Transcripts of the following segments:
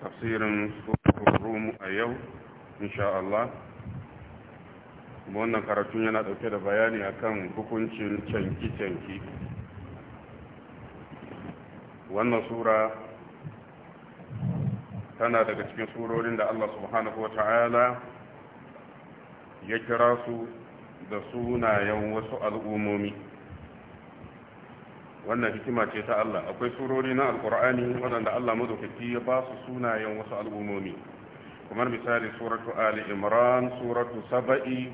tafsirin rumu a yau insha'Allah. wannan karatun yana dauke da bayani a kan hukuncin canki-canki wannan sura tana daga cikin surorin da Allah subhanahu wata'ala ya kira su da sunayen wasu al'ummomi wannan hikima ce ta Allah akwai surori na alkur'ani waɗanda Allah madaukaki ya ba su sunayen wasu al'ummomi kamar misali suratu ali imran suratu saba'i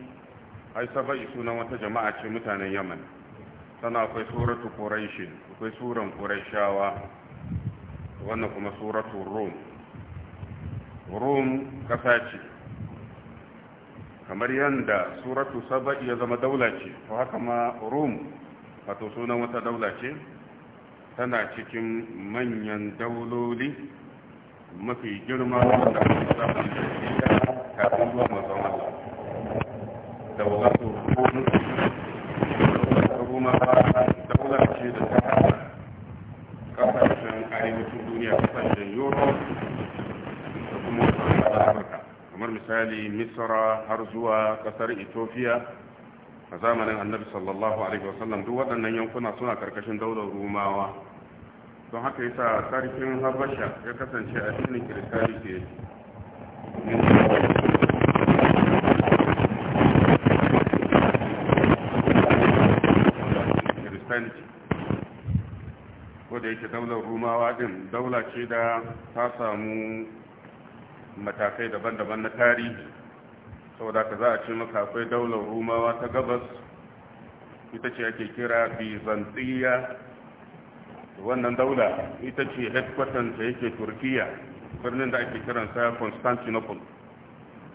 ai saba'i sunan wata jama'a ce mutanen yaman sana akwai suratu quraish akwai suran quraishawa wannan kuma suratu rum rum kasa ce kamar yanda suratu saba'i ya zama daula ce to haka ma rum wato sunan wata daula ce tana cikin manyan dauloli mafi girma wanda ake samun da da kafin zuwa mazan Allah da wasu kuma daula ce da ta hada kasashen arewacin duniya kasashen europe da kuma wasu amurka kamar misali misra har zuwa kasar ethiopia a zamanin annabi sallallahu alaihi wasallam duk waɗannan yankuna suna karkashin daular rumawa don haka yasa sarkin habasha ya kasance a cikin kirkari ke da yake daular rumawa din daula ce da ta samu matakai daban-daban na tarihi saboda ka za a ce maka akwai daular rumawa ta gabas ita ce ake kira bizantiya wannan daula ita ce headquarters da yake turkiya birnin da ake kiransa constantinople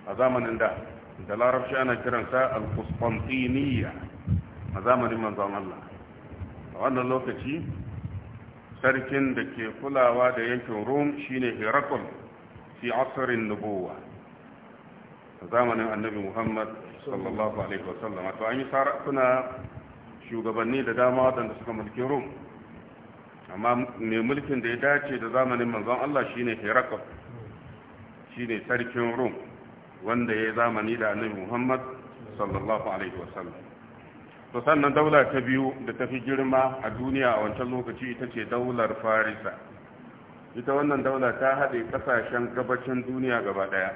a zamanin da da larabci ana kiransa al-constantiniya a zamanin manzon Allah a wannan lokaci sarkin da ke kulawa da yankin rum shine herakul fi asirin nubuwa a zamanin annabi muhammad sallallahu alaihi wasallam to an yi sarakuna shugabanni da dama waɗanda suka mulki rum amma mai mulkin da ya dace da zamanin manzon Allah shine Herakl shine sarkin rum wanda ya zamani da annabi Muhammad sallallahu alaihi wasallam to sannan daula ta biyu da ta fi girma a duniya a wancan lokaci ita ce daular Farisa ita wannan daula ta haɗe ƙasashen gabacin duniya gaba ɗaya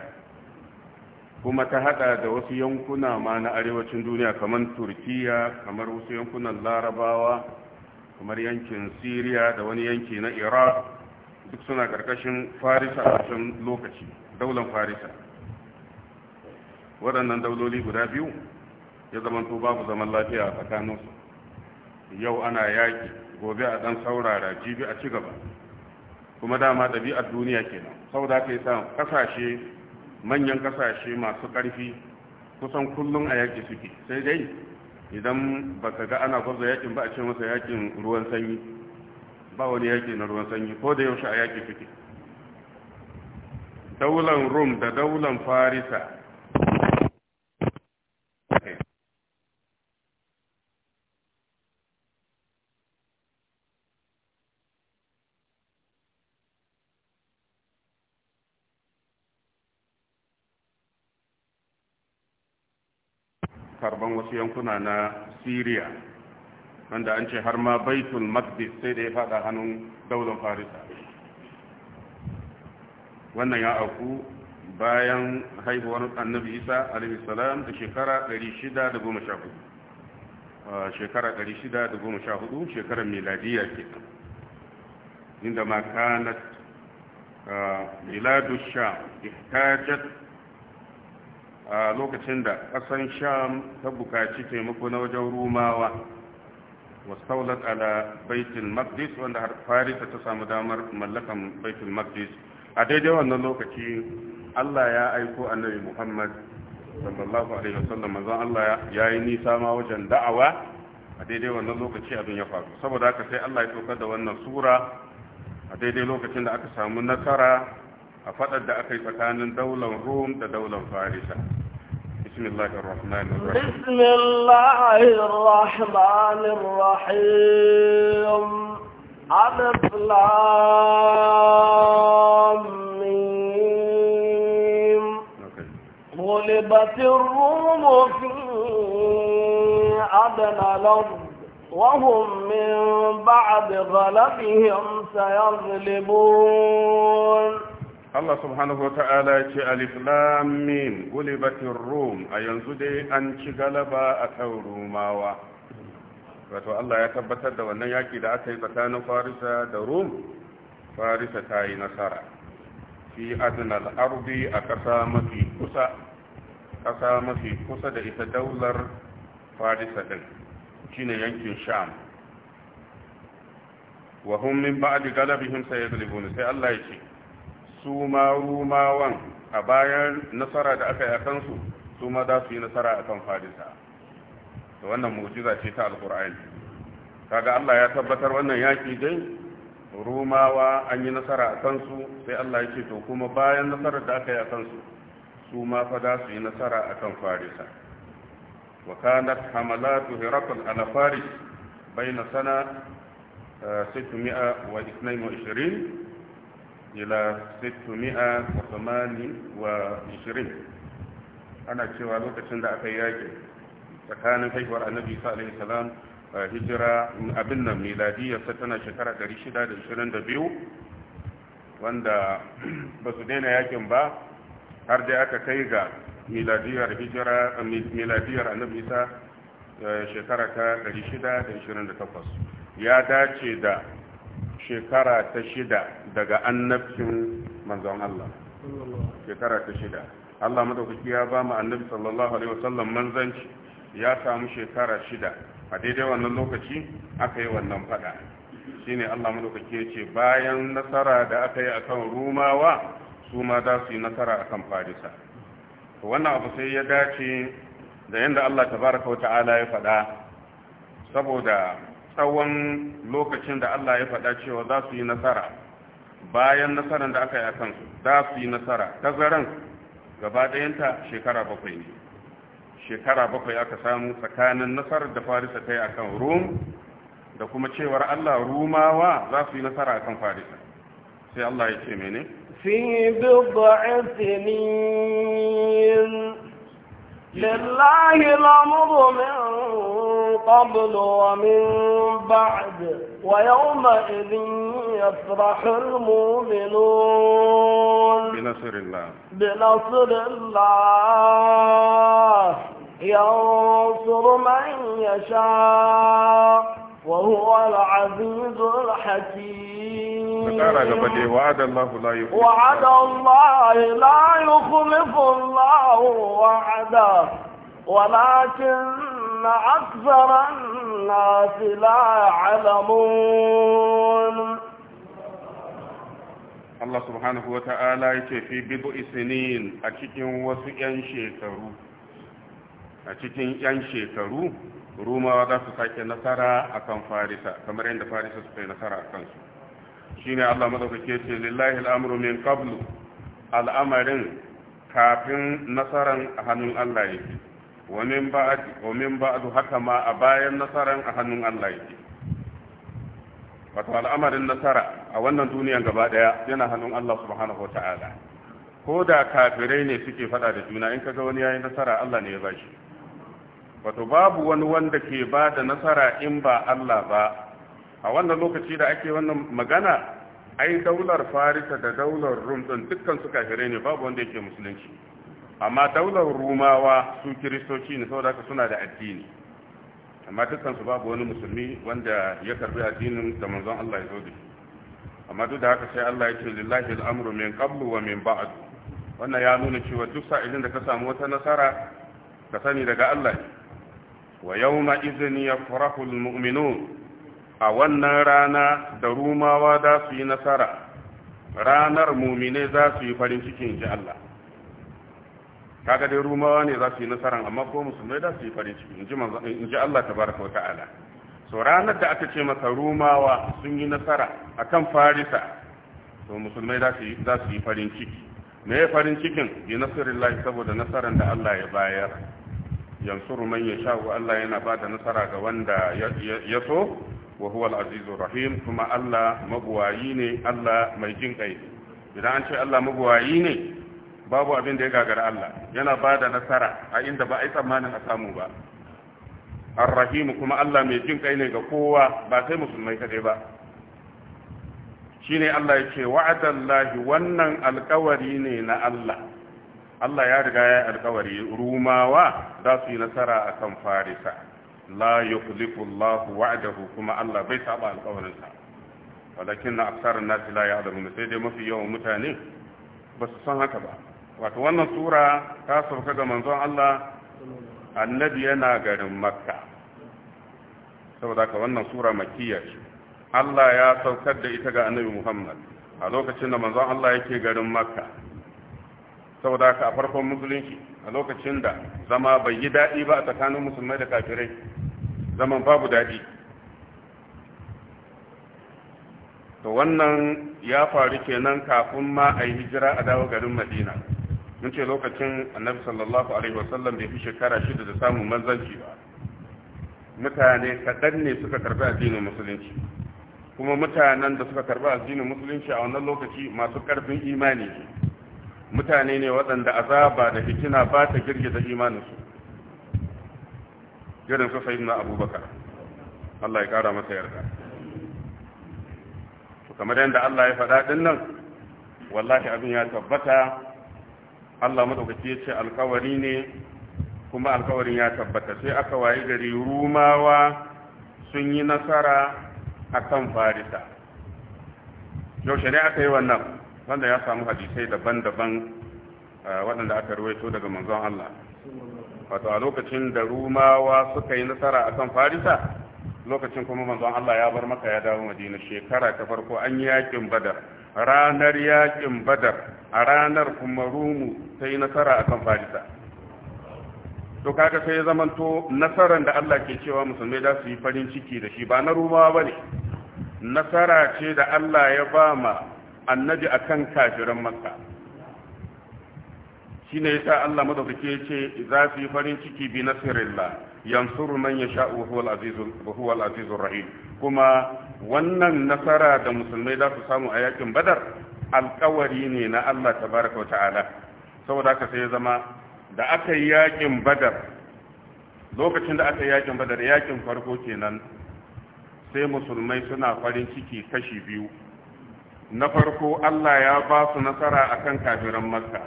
kuma ta hada da wasu yankuna ma na arewacin duniya kamar turkiya kamar wasu yankunan larabawa kamar yankin Siriya, da wani yanki na iraq duk suna karkashin farisa a cikin lokaci daular farisa waɗannan dauloli guda biyu ya to babu zaman lafiya a tsakaninsu yau ana yaƙi gobe a ɗan saurara jibi a ci gaba kuma dama ɗabi'ar duniya kenan sau da aka yi sa ƙasashe manyan kasashe masu ƙarfi kusan kullum a yaƙi suke sai dai idan ba ka ga ana gwazo yaƙin ba a ce masa yaƙin ruwan sanyi ba wani yaƙi na ruwan sanyi ko da yaushe a yaƙi suke daular rum da daular farisa karban wasu yankuna na Syria wanda an ce har ma Baitul Maqdis sai da ya fada hannun daular Farisa wannan ya auku bayan haihuwar Annabi Isa alaihi salam da shekara 614 shekara 614 shekarar miladiya kenan inda ma kanat biladu sha ihtajat a lokacin da ƙasan sham ta bukaci taimako na wajen rumawa Saulat ala baitul maqdis wanda har farisa ta samu damar mallakan baitul maqdis a daidai wannan lokaci Allah ya aiko annabi Muhammad sallallahu alaihi wasallam manzo Allah ya yi nisa ma wajen da'awa a daidai wannan lokaci abin ya faru saboda haka sai Allah ya tokar da wannan sura a daidai lokacin da aka samu nasara a faɗar da aka yi tsakanin daular rum da daular farisa بسم الله الرحمن الرحيم بسم الله الرحمن الرحيم ألف غلبت الروم في أدنى الأرض وهم من بعد غلبهم سيغلبون Allah subhanahu wa ta'ala ya ce alif lam mim gulibatir rum a yanzu dai an ci galaba akan rumawa wato Allah ya tabbatar da wannan yaki da aka yi tsakanin farisa da rum farisa ta yi nasara fi adnal ardi a ƙasa mafi kusa ƙasa mafi kusa da ita daular farisa Shi ne yankin sham wa hum min ba'di galabihim sayaglibun sai Allah ya ce su ma rumawan a bayan nasara da aka yi a kansu su ma za su yi nasara a kan farisa da wannan mujiza ce ta alkur'ani kaga Allah ya tabbatar wannan yaki dai rumawa an yi nasara a kansu sai Allah ya ce to kuma bayan nasarar da aka yi a kansu su ma fa za su yi nasara a kan farisa wa kanat hamalatu hirakul ala faris bayna sana 622 eh, ila 628 ana cewa lokacin da aka yi yaƙi tsakanin haihuwar annabi isa alaihi salam hijira abin nan miladiyarsa tana shekara 622 wanda ba su daina yakin ba har dai aka kai ga miladiyar hijira miladiyar annabi isa shekara ta 628 ya dace da shekara ta shida daga annabcin manzon Allah shekara ta shida Allah madaukaki ya ba mu annabi sallallahu alaihi wasallam manzanci ya samu shekara shida a daidai wannan lokaci aka yi wannan fada shine Allah madaukaki ya ce bayan nasara da aka yi akan rumawa su ma za su yi nasara akan farisa wannan abu sai ya dace da yanda Allah tabaraka wa ta'ala ya faɗa saboda tsawon lokacin da Allah ya faɗa cewa za su yi nasara bayan nasarar da aka yi a kansu za su yi nasara tazaran gaba ɗayanta shekara bakwai ne shekara bakwai aka samu tsakanin nasarar da farisa ta yi a kan rum da kuma cewar Allah rumawa za su yi nasara a kan farisa sai Allah ya ce mene fi لله الأمر من قبل ومن بعد ويومئذ يفرح المؤمنون بنصر الله بنصر الله ينصر من يشاء وهو العزيز الحكيم وعد الله لا يخلف وعد الله لا يخلف الله وعده ولكن أكثر الناس لا يعلمون الله سبحانه وتعالى في بضع سنين أكيد وسيان شيكرو أكيد ينشيكرو rumawa za su sake nasara akan farisa kamar yadda farisa su kai nasara a kansu Shi ne Allah madaukake ce lillahi al'amuru min qablu al'amarin kafin nasaran a hannun Allah yake wani ba a haka ma a bayan nasaran a hannun Allah yake wato al'amarin nasara a wannan duniyan gaba daya yana hannun Allah subhanahu wata'ala ko da kafirai ne suke fada da juna in kaga wani yayi nasara Allah ne ya bashi wato babu wani wanda ke ba da nasara in ba Allah ba a wannan lokaci da ake wannan magana ai daular farisa da daular rum din dukkan su kafirai ne babu wanda yake musulunci amma daular rumawa su kiristoci ne saboda haka suna da addini amma dukkan su babu wani musulmi wanda ya karbi addinin da manzon Allah ya zo da shi amma duk da haka sai Allah ya ce lillahi al'amru min qablu wa min ba'd wannan ya nuna cewa duk sa'ilin da ka samu wata nasara ka sani daga Allah ne wa yawma ya yafrahu almu'minun a wannan rana da rumawa za su yi nasara ranar mumine za su yi farin cikin ji Allah kaga dai rumawa ne za su yi nasara, amma ko musulmai za su yi farin ciki in ji Allah tabaraka wa ta'ala so ranar da aka ce masa rumawa sun yi nasara akan farisa to musulmai za su yi farin ciki me farin cikin bi nasarillahi saboda nasaran da Allah ya bayar yansuru man wa Allah yana bada da nasara ga wanda ya so wa huwa al-azizur rahim kuma Allah magwayi ne Allah mai jin kai idan an ce Allah magwayi ne babu abin da ya gagara Allah yana bada nasara a inda ba a yi tsammanin a samu ba ar-rahim kuma Allah mai jin kai ne ga kowa ba sai musulmai kadai ba shine Allah yake wa'adallahi wannan alkawari ne na Allah Allah ya riga ya alkawari rumawa za su yi nasara a kan farisa la yukhlifu Allahu wa'dahu kuma Allah bai saba alkawarinsa walakin na aksar nasi la ya'lamu sai dai mafi yawan mutane ba su san haka ba wato wannan sura ta sauka ga manzon Allah annabi yana garin makka saboda ka wannan sura makiyya ce Allah ya saukar da ita ga annabi Muhammad a lokacin da manzon Allah yake garin makka saboda haka a farkon musulunci a lokacin da zama bai yi daɗi ba a tsakanin musulmai da kafirai zaman babu daɗi to wannan ya faru kenan kafin ma a yi hijira a dawo garin madina mun ce lokacin annabi sallallahu alaihi wasallam bai fi shekara shida da samun manzanci ba mutane kaɗan ne suka karɓi addinin musulunci kuma mutanen da suka karɓi addinin musulunci a wannan lokaci masu ƙarfin imani ne mutane ne waɗanda azaba da fitina ba ta girgiza imaninsu irin su sayi abubakar Allah ya ƙara masa yarda kamar yadda Allah ya faɗa ɗin nan wallahi abin ya tabbata Allah maɗaukaki ya ce alkawari ne kuma alkawarin ya tabbata sai aka wayi gari rumawa sun yi nasara akan kan farisa yaushe ne aka yi wannan wanda ya samu hadisai daban-daban waɗanda aka ruwaito daga manzon Allah wato a lokacin da rumawa suka yi nasara a kan farisa lokacin kuma manzon Allah ya bar maka ya dawo madina shekara ta farko an yi yakin badar ranar yakin badar a ranar kuma rumu ta yi nasara a kan farisa to kaga sai ya zamanto nasaran da Allah ke cewa musulmai za su yi farin ciki da shi ba na rumawa ba ne nasara ce da Allah ya ba ma annabi kan kafiran makka shi ne yasa Allah ce za su yi farin ciki bi na yansuru man ya sha'u wa huwa al'azizun rahim kuma wannan nasara da musulmai za su samu a yakin badar alkawari ne na Allah baraka wa ta'ala saboda haka sai zama da aka yi yakin badar lokacin da aka yi yakin badar yakin farko kenan sai musulmai suna farin ciki kashi biyu na farko Allah ya ba su nasara akan kafiran makka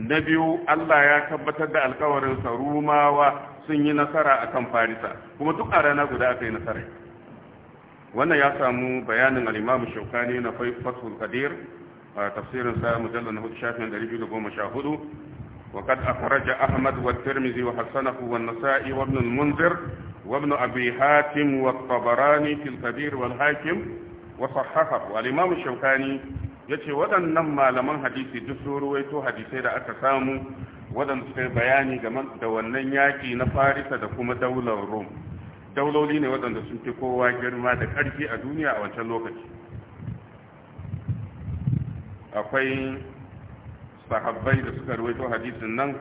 na biyu Allah ya tabbatar da alkawarin sa rumawa sun yi nasara a kan farisa kuma duk a rana guda aka yi nasara wannan ya samu bayanin al-Imam Shawkani na Fathul Qadir tafsirin sa mujallal na shafin 214 وقد wa أحمد والترمذي وحسنه والنسائي وابن المنذر وابن أبي حاتم والطبراني في الكبير والحاكم wa sahahahu al-imam shaukani yace waɗannan malaman hadisi duk sun ruwaito hadisai da aka samu waɗanda suka bayani da wannan yaki na farisa da kuma daular rom dauloli ne waɗanda sun fi kowa girma da karfi a duniya a wancan lokaci akwai sahabbai da suka ruwaito hadisin nan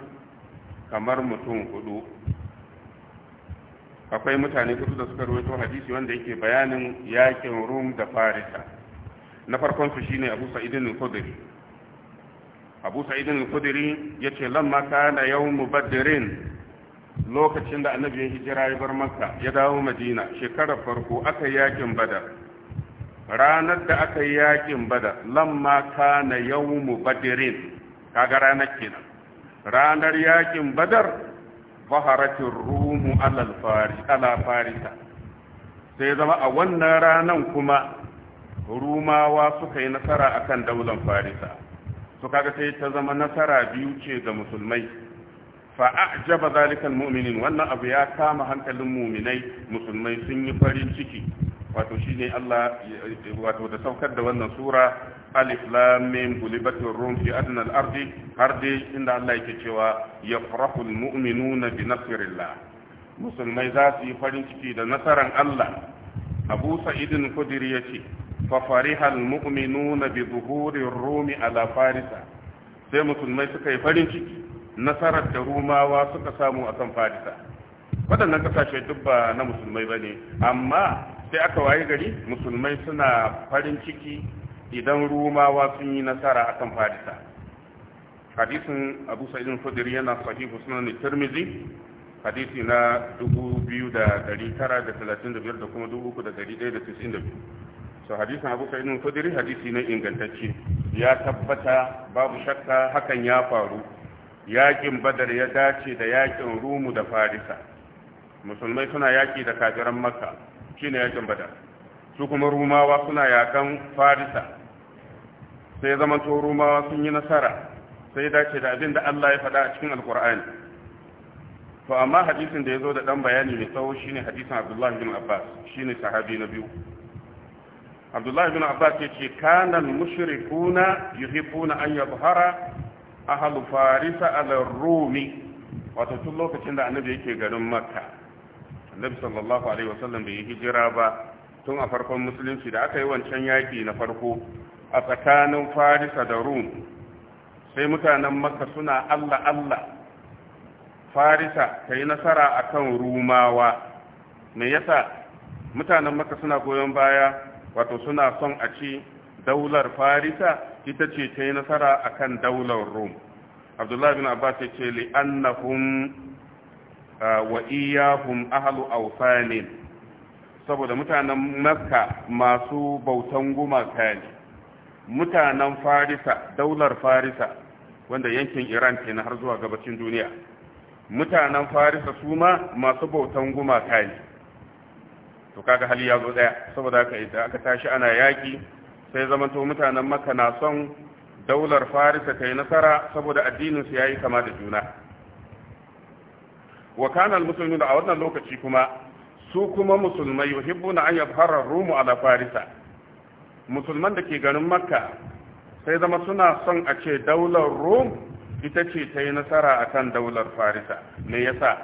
kamar mutum hudu akwai mutane kudu da suka ruwaito hadisi wanda yake bayanin yakin rum da farisa na farkon su shine abu sa'idin al-khudri abu sa'idin al-khudri yace lamma kana yawm badrin lokacin da annabi ya hijira ya bar makka ya dawo madina shekarar farko aka yakin badar ranar da aka yi yakin badar lamma kana yawm badrin kaga ranar kenan ranar yakin badar zaharatin rumu ala farisa sai zama a wannan ranan kuma rumawa suka yi nasara akan daular farisa su kaga sai ta zama nasara biyu ce ga musulmai fa'ajaba zalikan mu'minin wannan abu ya kama hankalin muminai musulmai sun yi farin ciki wato shine Allah wato da saukar da wannan sura alif lam mim gulibatir rum fi adna al har dai inda Allah yake cewa yafrahu al-mu'minuna bi nasrillah musulmai za su yi farin ciki da nasaran Allah Abu Sa'id al-Khudri yace fa fariha al-mu'minuna bi zuhuri ar-rum ala farisa sai musulmai suka yi farin ciki nasarar da rumawa suka samu kan farisa waɗannan kasashe duk ba na musulmai bane amma sai aka waye gari musulmai suna farin ciki idan rumawa sun yi nasara a kan farisa hadisin abu sa'idun khudri yana sahihu sunan tirmidhi hadisi na 2935 da kuma 3192 so hadisin abu sa'idun khudri hadisi na ingantacce ya tabbata babu shakka hakan ya faru yakin badar ya dace da yakin rumu da farisa musulmai suna yaki da kafiran makka shine yakin badar su kuma rumawa suna yakan farisa sai zama to sun yi nasara sai dace da abin da Allah ya faɗa a cikin alkur'ani to amma hadisin da ya zo da ɗan bayani mai tsawo ne hadisin abdullahi bin abbas shine sahabi na biyu abdullahi bin abbas ya ce kanan mushrikuna yuhibbuna an yadhara ahlu farisa ala rumi wato tun lokacin da annabi yake garin makka annabi sallallahu alaihi wasallam bai yi hijira ba tun a farkon musulunci da aka yi wancan yaki na farko a tsakanin farisa da rum sai mutanen maka suna allah allah farisa ta yi nasara a kan rumawa me yasa mutanen maka suna goyon baya wato suna son a ci daular farisa ita ce ta yi nasara a kan daular rum abdullahi bin abbas ya ce li'annahum uh, wa iyahum ahlu awsanin saboda mutanen maka masu bautan gumaka ne mutanen farisa daular farisa wanda yankin iran ke na har zuwa gabacin duniya mutanen farisa su ma masu bautan gumaka ne to kaga hali ya zo daya saboda haka idan aka tashi ana yaki sai zamanto mutanen makka na son daular farisa ta nasara saboda addinin su yayi kama da juna wa kana musulmi a wannan lokaci kuma su kuma musulmai yuhibbuna an yadhhara rumu ala farisa musulman da ke garin makka sai zama suna son a ce daular rum ita ce ta yi nasara a kan daular farisa me yasa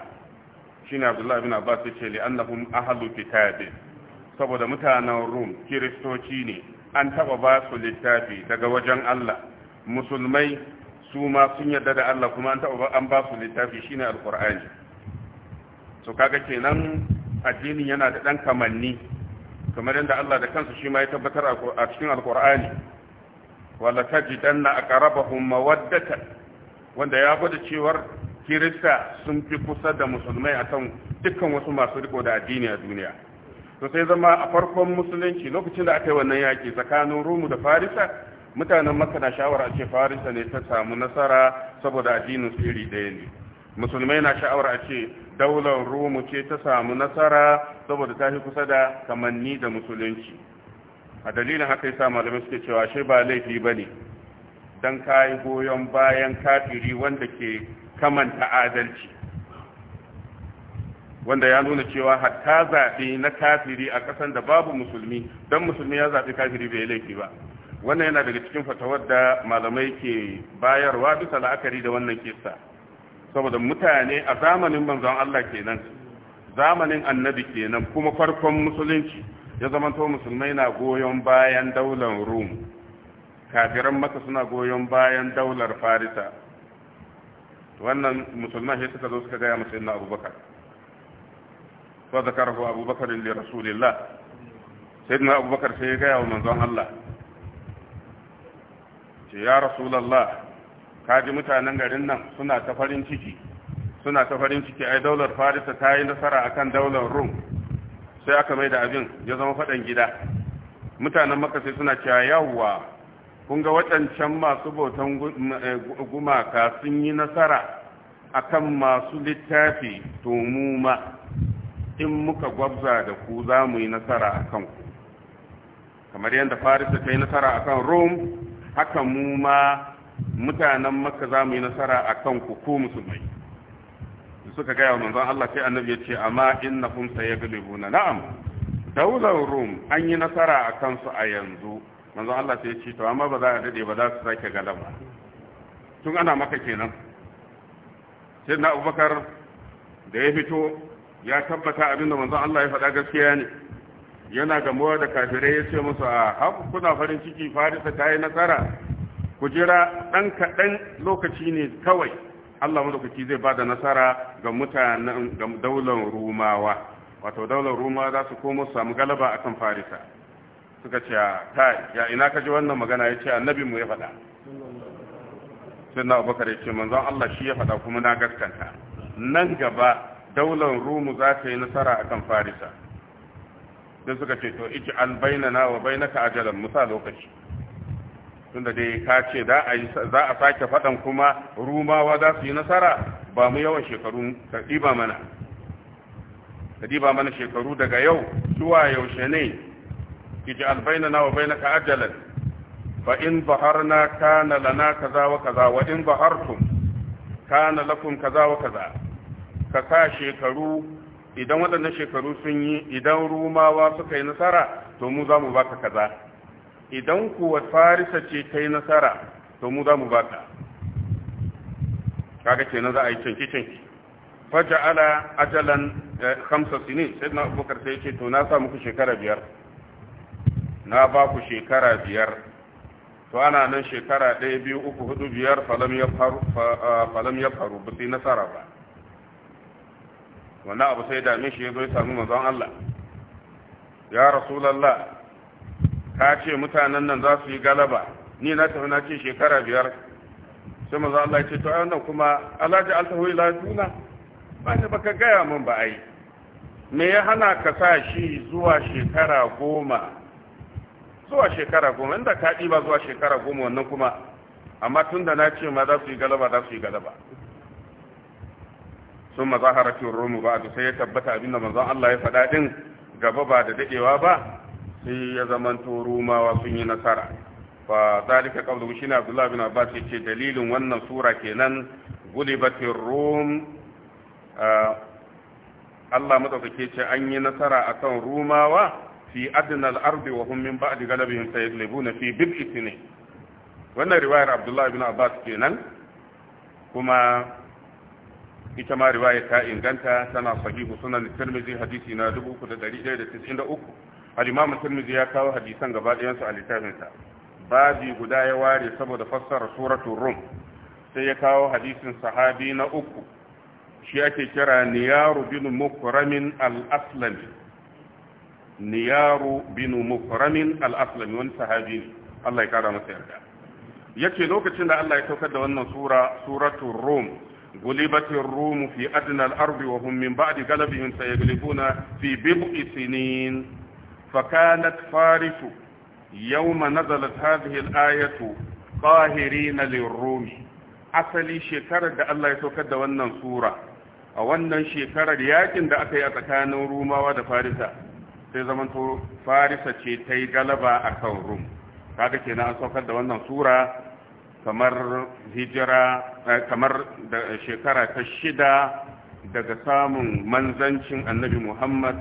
shi ne abdullahi bin abbas ya ce li'annahum ahalu kitabi saboda mutanen rum kiristoci ne an taba ba su littafi daga wajen allah musulmai su ma sun yarda da allah kuma an taba an ba su littafi shine alkur'ani su kaga kenan addinin yana da ɗan kamanni kamar yadda Allah da kansa shi ma ya tabbatar a cikin alkur'ani wala tajidanna aqrabahum mawaddatan wanda ya gwada cewar kirista sun fi kusa da musulmai akan dukkan wasu masu riko da addini a duniya to sai zama a farkon musulunci lokacin da aka yi wannan yaki tsakanin rumu da farisa mutanen makka na shawara a ce farisa ne ta samu nasara saboda addinin su iri ɗaya ne musulmai na sha'awar a ce daular rumu ce ta samu nasara saboda ta fi kusa da kamanni da musulunci a dalilin haka yasa malamai suke cewa shi ba laifi ba ne don kayi goyon bayan kafiri wanda ke kamanta adalci wanda ya nuna cewa hatta zaɓe na kafiri a ƙasan da babu musulmi don musulmi ya zaɓi kafiri bai laifi ba wannan yana daga cikin fatawar da malamai ke bayarwa bisa la'akari da wannan kisa saboda mutane a zamanin manzon Allah kenan zamanin annabi kenan kuma farkon musulunci ya to musulmai na goyon bayan daular rum kafiran maka suna goyon bayan daular farisa wannan musulman shi suka zo suka gaya musu inna abubakar fa zakarahu abubakar li rasulillah sayyidina abubakar sai ya gaya wa manzon Allah ce ya rasulullah kaji mutanen garin nan suna ta farin ciki suna ta farin ciki ai daular farisa ta yi nasara akan daular rum sai aka mai da abin ya zama faɗan gida mutanen Makka sai suna cewa yawwa kun ga waɗancan masu bautan eh, gumaka sun yi nasara akan masu littafi to mu ma in muka gwabza da ku za mu yi nasara a kanku kamar yadda farisa ta yi nasara a kan rum, haka mu ma mutanen makka za mu yi nasara a kan ku ko musulmai suka gaya wa manzon Allah sai annabi ya ce amma innakum sayaglibuna na'am daular rum an yi nasara a kansu a yanzu manzon Allah sai ya ce to amma ba za a dade ba za su sake galaba tun ana maka kenan sai na Abubakar da ya fito ya tabbata abinda manzon Allah ya faɗa gaskiya ne yana gamuwa da kafirai ya ce musu a haku kuna farin ciki farisa ta yi nasara ku jira ɗan kaɗan lokaci ne kawai Allah madaukaki zai ba da nasara ga mutanen ga daular rumawa wato daular rumawa za su komo samu galaba akan farisa suka ce ta ah, ya ina ka ji wannan magana ya ce annabi mu ya faɗa sai na abubakar ya ce manzon Allah shi ya faɗa kuma na gaskanta nan gaba daular rumu za ta yi nasara akan farisa sai suka ce to iji an bainana wa bainaka ajalan musa lokaci tunda dai ka ce za a sake faɗan kuma rumawa za su yi nasara ba mu yawan shekaru ba mana ba mana shekaru daga yau zuwa yaushe ne ji albaina na wa baina ka ajalan fa in baharna kana lana kaza wa kaza wa in bahartum kana lakum kaza wa kaza ka sa shekaru idan waɗannan shekaru sun yi idan rumawa suka yi nasara to mu za mu baka kaza idan kuwa farisa ce ta yi nasara to mu za mu ba ta kaga kenan za a yi canki canki faja ala ajalan eh, hamsa sinin sai na abubakar sai ce to na sa muku shekara biyar na ba ku shekara biyar to ana nan shekara ɗaya biyu uku hudu biyar falam ya faru ba sai nasara ba wannan abu sai dame shi ya zo ya sami manzon Allah ya rasulallah ka ce mutanen nan za su yi galaba ni na tafi na ce shekara biyar sai maza Allah ya ce to wannan kuma alhaji altahu ila duna ba ne baka gaya min ba ai me ya hana ka sa shi zuwa shekara goma zuwa shekara goma inda ka ba zuwa shekara goma wannan kuma amma tun da na ce ma za su yi galaba za su yi galaba sun mazaharatin romu ba a sai ya tabbata abinda manzon Allah ya faɗa din gaba ba da daɗewa ba sai ya zamanto rumawa sun yi nasara fa zalika qawlu shi ne abdullahi bin abbas yace dalilin wannan sura kenan gulibatir rum Allah madaukake ce an yi nasara akan rumawa fi adnal ardi wa hum min ba'di galabihim sayaglibuna fi bid'i wannan riwayar abdullahi bin abbas kenan kuma ita ma riwaya ta inganta tana sahihu sunan tirmidhi hadisi na 3193 al-imam tirmidhi ya kawo hadisan gaba ɗayan su a littafin littafinsa babi guda ya ware saboda fassarar suratu rum sai ya kawo hadisin sahabi na uku shi ake kira niyaru bin mukramin al-aslami niyaru bin mukramin al-aslami wani sahabi ne Allah ya kara masa yarda yake lokacin da Allah ya saukar da wannan sura suratu rum gulibatir rum fi adnal ardi wa hum min ba'di galabihim sayaglibuna fi bid'i sinin Fakanat فكانت فارس يوم نزلت ayatu الآية na lirumi asali shekarar da Allah ya saukar da wannan sura a wannan shekarar yakin da aka yi a tsakanin rumawa da farisa sai zamanto farisa ce ta yi galaba a kan rum kaga kenan an saukar da wannan sura kamar hijira kamar da shekara ta shida daga samun manzancin annabi muhammad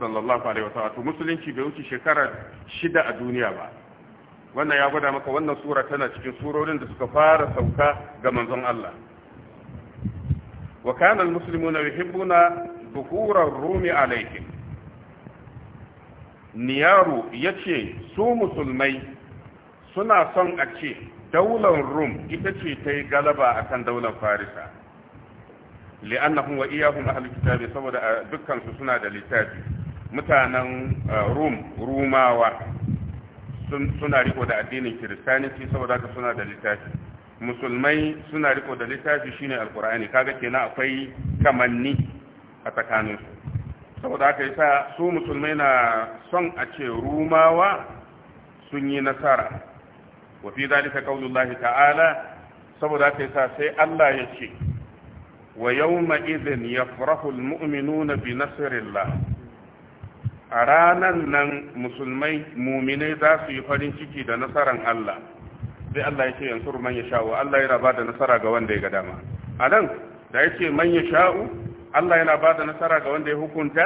sallallahu alaihi wasallam to musulunci bai wuce shekara shida a duniya ba wannan ya gwada maka wannan sura tana cikin surorin da suka fara sauka ga manzon Allah wa kana almuslimuna yuhibbuna dhukura rumi alaihim niyaru yace su musulmai suna son a ce daular rum ita ce ta yi galaba akan daular farisa li'annahum wa iyahum ahlul kitabi saboda eh, dukkan su suna da littafi mutanen uh, rum rumawa suna riko da addinin kiristaniti saboda haka suna da littafi musulmai suna riko da littafi shine alkur'ani kaga kenan akwai kamanni a tsakaninsu saboda haka yasa su musulmai na son a ce rumawa sun yi nasara wa fi zalika qaulullahi ta'ala saboda haka yasa sai Allah ya ce wa yawma idhin yafrahu almu'minuna bi nasrillah a ranan nan musulmai muminai za su yi farin ciki da nasaran Allah sai Allah ya ce yansur man ya sha'u Allah yana bada nasara ga wanda ya ga dama a nan da ya ce man ya sha'u Allah yana bada nasara ga wanda ya hukunta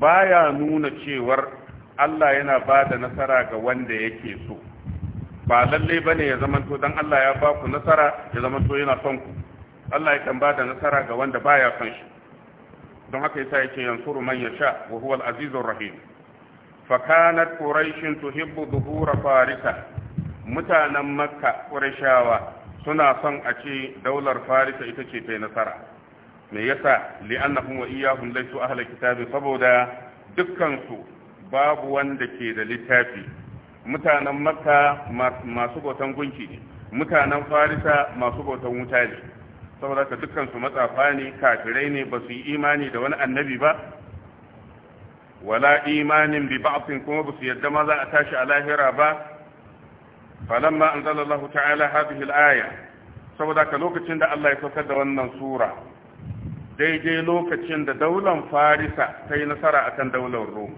baya nuna cewar Allah yana bada nasara ga wanda yake so ba lalle bane ya zamanto dan Allah ya ba ku nasara ya zamanto yana son ku Allah ya kan bada nasara ga wanda baya son shi don haka yasa yake yansuru man yasha wa huwa al-azizur rahim fa kanat quraish tuhibbu dhuhura farisa mutanen makka qurayshawa suna son a ce daular farisa ita ce ta nasara me yasa annahum wa iyyahum laysu ahli kitabi saboda dukkan su babu wanda ke da littafi mutanen makka masu bautan gunki ne mutanen farisa masu bautan wuta ne saboda ka dukkansu matsafa ne kafirai ne ba su yi imani da wani annabi ba wala imanin bi ba'sin kuma ba su yadda ma za a tashi a lahira ba falamma anzala Allah ta'ala hadhihi al-aya saboda ka lokacin da Allah ya saukar da wannan sura daidai lokacin da daular farisa ta yi nasara akan daular rom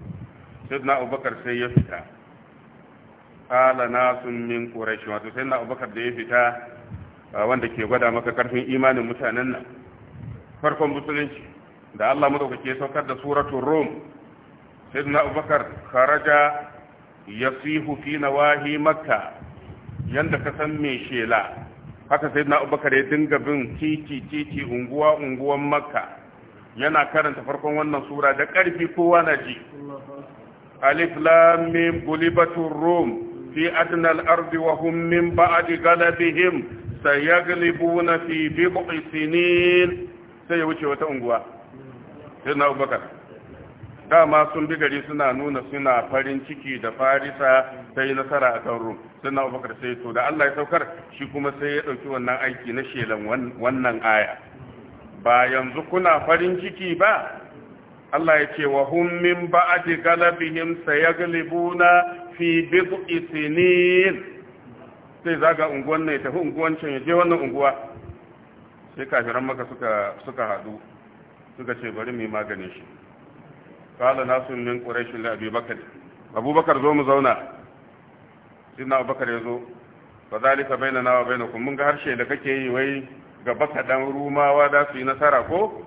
sayyidina abubakar sai ya fita qala nasun min quraish wato sayyidina abubakar da ya fita wanda ke gwada maka karfin imanin mutanen nan farkon musulunci da Allah madaukake ya saukar da suratul rum sayyidina abubakar kharaja yasihu fi nawahi makka yanda ka san me shela haka sayyidina abubakar ya dinga bin titi titi unguwa unguwan makka yana karanta farkon wannan sura da karfi kowa na ji alif lam mim gulibatur rum fi adnal ardi wa hum min ba'di galabihim sayaglibuna fi bid'i sinin sai ya wuce wata unguwa sai abubakar dama sun bi gari suna nuna suna farin ciki da farisa ta nasara a kan rum sai na abubakar sai to da allah ya saukar shi kuma sai ya ɗauki wannan aiki na shelan wannan aya ba yanzu kuna farin ciki ba Allah ya ce wa hum min ba'di galabihim sayaglibuna fi bid'i sinin sai zaga unguwan ne tafi unguwan can ya je wannan unguwa sai kafiran maka suka suka hadu suka ce bari mu yi maganin shi qala nasu min quraish la abi bakr abubakar zo mu zauna sidna abubakar ya zo fa zalika bainana wa bainakum mun ga harshe da kake yi wai gaba dan rumawa da su yi nasara ko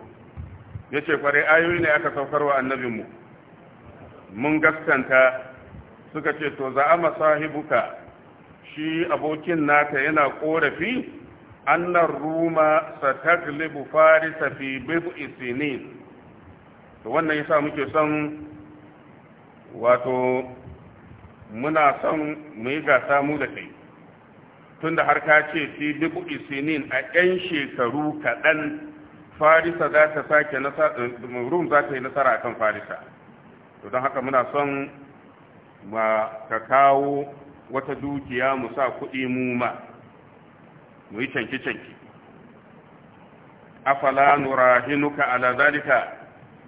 yace kware ayoyi ne aka saukar wa annabinmu mun gaskanta suka ce to za'ama sahibuka shi abokin nata yana korafi annar ruma sataglibu farisa fi bid'i sinin to wannan yasa muke son wato muna son mu yi gasa mu da kai tunda har ka ce fi bid'i a 'yan shekaru kaɗan farisa za ta sake rum za ta yi nasara akan farisa to don haka muna son ma ka kawo wata dukiya mu sa kuɗi muma mu yi canki-canki afala nurahinuka ala zalika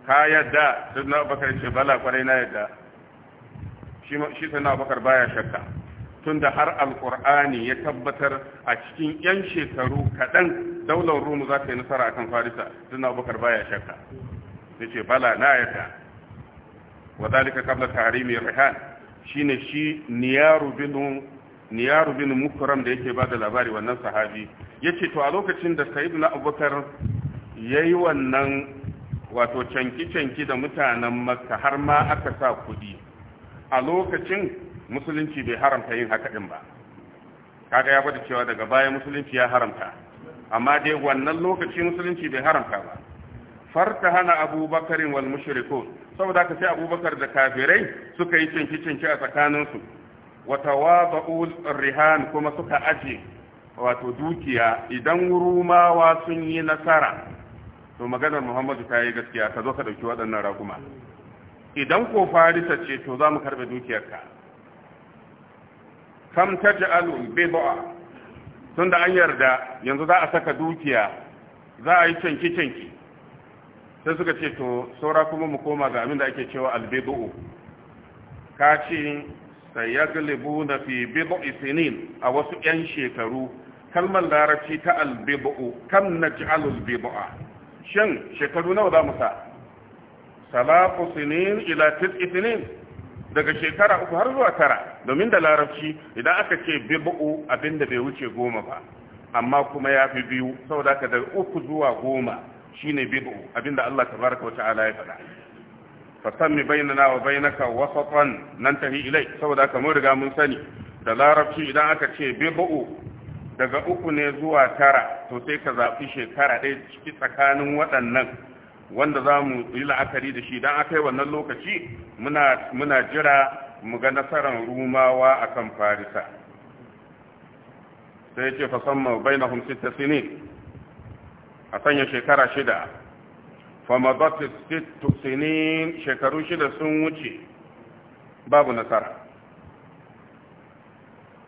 ka yadda sun na bakar ce bala kwarai na yadda shi sun na bakar baya shakka tun da har alkur'ani ya tabbatar a cikin 'yan shekaru kaɗan daular rumu za ta yi nasara kan farisa sun na bakar baya shakka ya ce bala na yadda wa zalika kabla tarihi rihan shine shi niyaru bin niyaru bin mukram da yake bada labari wannan sahabi yace to a lokacin da sayyidina abubakar yayi wannan wato canki-canki da mutanen makka har ma aka sa kudi a lokacin musulunci bai haramta yin haka din ba kaga ya bada cewa daga baya musulunci ya haramta amma dai wannan lokaci musulunci bai haramta ba farta hana abubakarin wal mushrikun saboda ka sai abubakar da kafirai suka yi cinci cinci a tsakaninsu wa tawadul rihan kuma suka aje wato dukiya idan rumawa sun yi nasara to maganar muhammadu ta yi gaskiya ka zo ka ɗauki waɗannan raguma idan ko farisa ce to za mu karɓe dukiyarka kam ta ji bid'a tun da an yarda yanzu za a saka dukiya za a yi cinci cinci sai suka ce to saura kuma mu koma ga abin da ake cewa albidu ka ce sayaglibu na fi bidu isinin a wasu yan shekaru kalmar larabci ta albidu kam naj'alu albidu'a shin shekaru nawa za mu sa salafu sinin ila sinin daga shekara uku har zuwa tara domin da larabci idan aka ce bidu abinda bai wuce goma ba amma kuma ya fi biyu saboda ka daga uku zuwa goma shine bid'u abinda Allah tabaraka ta'ala ya faɗa fasammi bainana wa bainaka wasatan nan tahi ilai saboda mun riga mun sani da larabci idan aka ce bid'u daga uku ne zuwa tara to sai ka zaɓi shekara ɗaya ciki tsakanin waɗannan wanda za mu yi la'akari da shi idan aka yi wannan lokaci muna jira mu ga nasarar rumawa akan farisa sai ce fasamma bainahum ta sinin a sanya shekara shida famadatis sinin shekaru shida sun wuce babu nasara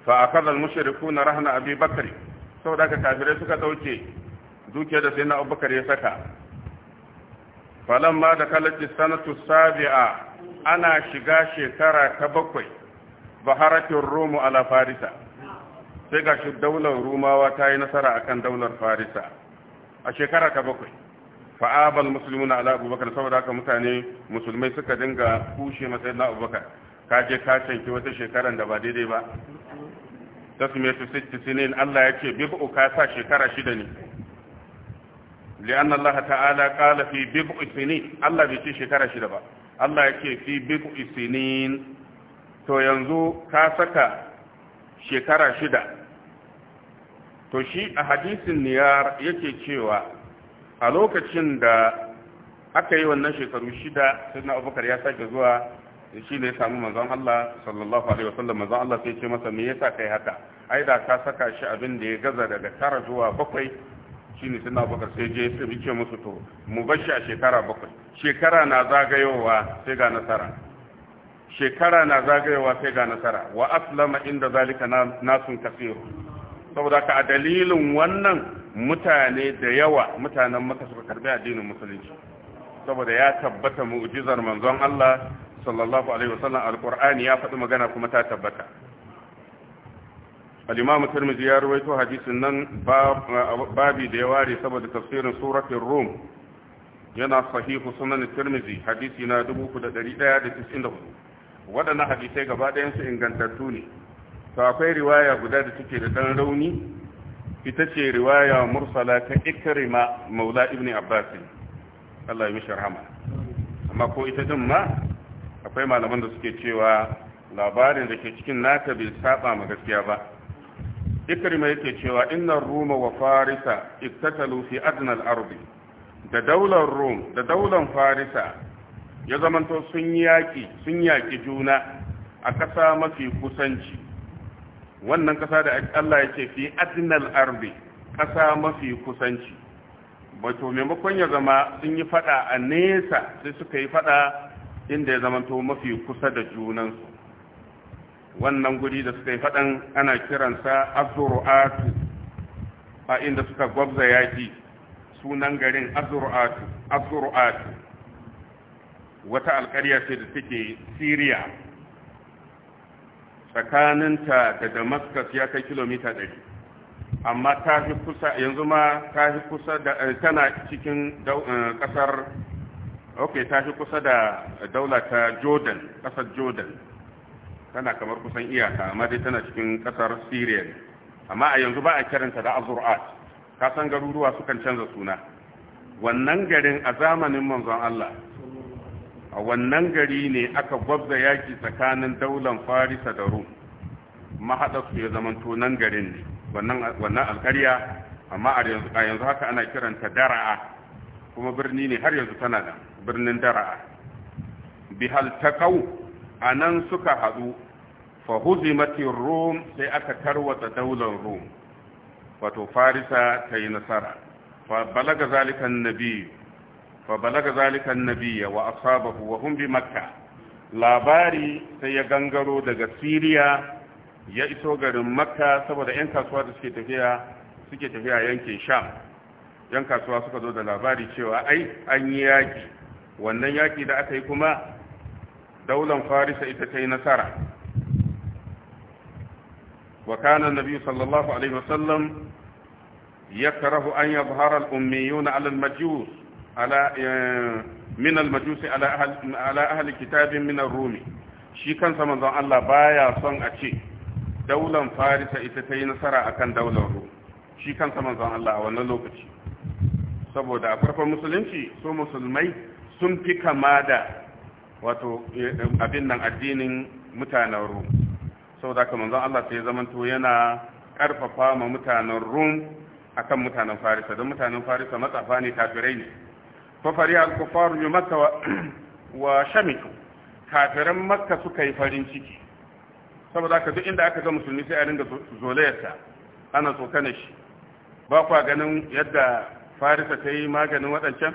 fa akadha al-mushrikuna rahna abi bakr saboda haka kafirai suka dauke dukiyar da sayyidina abubakar ya saka falamma da kalati sanatu sabi'a ana shiga shekara ta bakwai harakin rumu ala farisa sai ga shi daular rumawa ta yi nasara akan daular farisa a shekara ta bakwai fa'abal musulmuna ala abubakar saboda haka mutane musulmai suka dinga kushe matsayin abubakar ka je ka canki wata shekaran da ba daidai ba tasmiyatu ta sinin Allah ya ce bid'u ka sa shekara shida ne li'an Allah ta'ala kala fi bibu sinin Allah bai ce shekara shida ba Allah ya ce fi bibu sinin to yanzu ka saka shekara shida to shi a hadisin niyar yake cewa a lokacin da aka yi wannan shekaru shida sai na abubakar ya sake zuwa da shi ne ya samu manzon Allah sallallahu alaihi wasallam manzon Allah sai ce masa me yasa kai haka ai da ka saka shi abin da ya gaza daga tara zuwa bakwai shine sai na abubakar sai je sai ce musu to mu shi a shekara bakwai shekara na zagayowa sai ga nasara shekara na zagayowa sai ga nasara wa aslama inda zalika nasun kafiru saboda ka a dalilin wannan mutane da yawa mutanen maka suka karbi addinin musulunci saboda ya tabbata mu'jizar manzon Allah sallallahu alaihi wasallam alqur'ani ya faɗi magana kuma ta tabbata al-imam tirmidhi ya rawaito hadisin nan babi da yawa ne saboda tafsirin suratul rum yana sahihu sunan tirmidhi hadisi na 3194 wadannan hadisai gaba ɗayan su ingantattu ne to akwai riwaya guda da take da dan rauni ita ce riwaya mursala ta ikrima maula ibn abbas Allah ya mishi rahama amma ko ita din ma akwai malaman da suke cewa labarin da ke cikin nata bai saba ma gaskiya ba ikrima yake cewa innar ruma wa farisa iktatalu fi adna al-ardi da daular rum da daular farisa ya zamanto sun yaki sun yaki juna a ƙasa mafi kusanci wannan ƙasa da Allah ya ce fi adnal ardi ƙasa mafi kusanci wato maimakon ya zama sun yi fada a nesa sai suka yi fada inda ya zama to mafi kusa da junansu wannan guri da suka yi fadan ana kiransa azur'atu a inda suka gwabza yaki sunan garin azur'atu azur'atu wata alƙarya ce da take siriya tsakaninta da damascus ya kai kilomita 100 amma ta fi kusa yanzu ma ta fi kusa da eh, tana cikin kasar eh, ok ta fi kusa da daular ta jordan kasar jordan tana kamar kusan iyaka amma dai tana cikin kasar syria amma a yanzu ba a kiranta da azur'at kasan garuruwa sukan canza suna wannan garin a zamanin manzon allah a wannan gari ne aka gwabza yaki tsakanin daular farisa da rum mahaɗarsu ya zamanto nan garin ne wannan alkarya amma a yanzu haka ana kiranta dara'a kuma birni ne har yanzu tana da birnin dara'a bihal a anan suka haɗu, fa huzimatir rum sai aka tarwata daular rum wato farisa ta yi nasara fa balaga zalikan nabi fa balaga zalika annabiyya wa ashabahu makka labari sai ya gangaro daga siriya ya iso garin makka saboda yan kasuwa da suke tafiya suke tafiya yankin sham yan kasuwa suka zo da labari cewa ai an yi yaki wannan yaki da aka yi kuma daular farisa ita ta yi nasara wa nabi sallallahu alaihi wasallam yakrahu an yadhhara al-ummiyuna 'ala al-majus على min المجوس على ala على kitabin min شي كان shi kansa manzon Allah baya son a ce daular farisa ita ta yi nasara akan daular rum shi kansa manzon Allah a wannan lokaci saboda a musulunci su musulmai sun fi kama da wato abin nan addinin mutanen rum saboda haka zan Allah sai zamanto yana karfafa ma mutanen akan mutanen farisa don mutanen farisa matsafa ne kafirai ne fa fari al-kuffar makka wa shamitu kafiran makka suka yi farin ciki saboda ka duk inda aka ga musulmi sai a ringa zolayarsa ana ne shi ba kwa ganin yadda farisa ta yi maganin waɗancan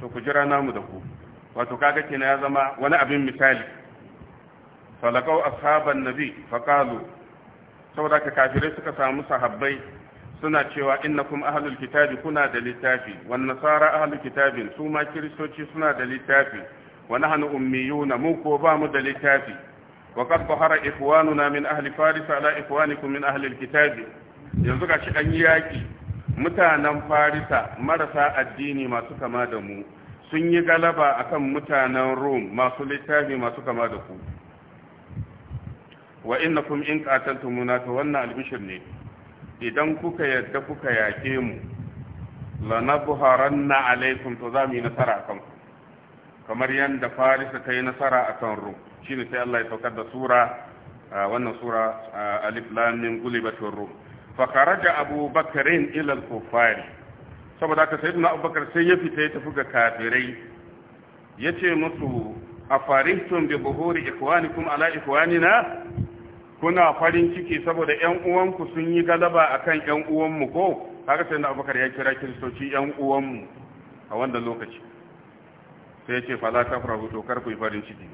to ku jira namu da ku wato kaga kina ya zama wani abin misali falakau ashaban nabi faqalu saboda ka kafirai suka samu sahabbai suna cewa innakum ahlul kitabi kuna da littafi wan nasara ahlul kitabin su ma kiristoci suna da littafi wa nahnu ummiyuna mu ko ba mu da littafi wa qad bahara ikhwanuna min ahli faris ala ikhwanikum min ahli kitabi? yanzu gashi an yi yaki mutanen farisa marasa addini masu kama da mu sun yi galaba akan mutanen rom masu littafi masu kama da ku wa innakum in qataltumuna to wannan albishir ne idan kuka yadda kuka yake mu lanabharanna alaikum to za mu yi nasara a kanku kamar yadda farisa ta yi nasara a kan rum shine sai Allah ya saukar da sura wannan sura alif lam mim rum fa kharaja abu ila al kuffari saboda haka sayyidina abubakar sai ya fita ya tafi ga kafirai yace musu afarihtum bi buhuri ikhwanikum ala ikhwanina kuna farin ciki saboda ƴan uwanku sun yi galaba akan ƴan uwanmu ko kaga sai na abubakar ya kira kiristoci ƴan uwanmu a wannan lokaci sai ya ce fala tafrahu to kar ku yi farin ciki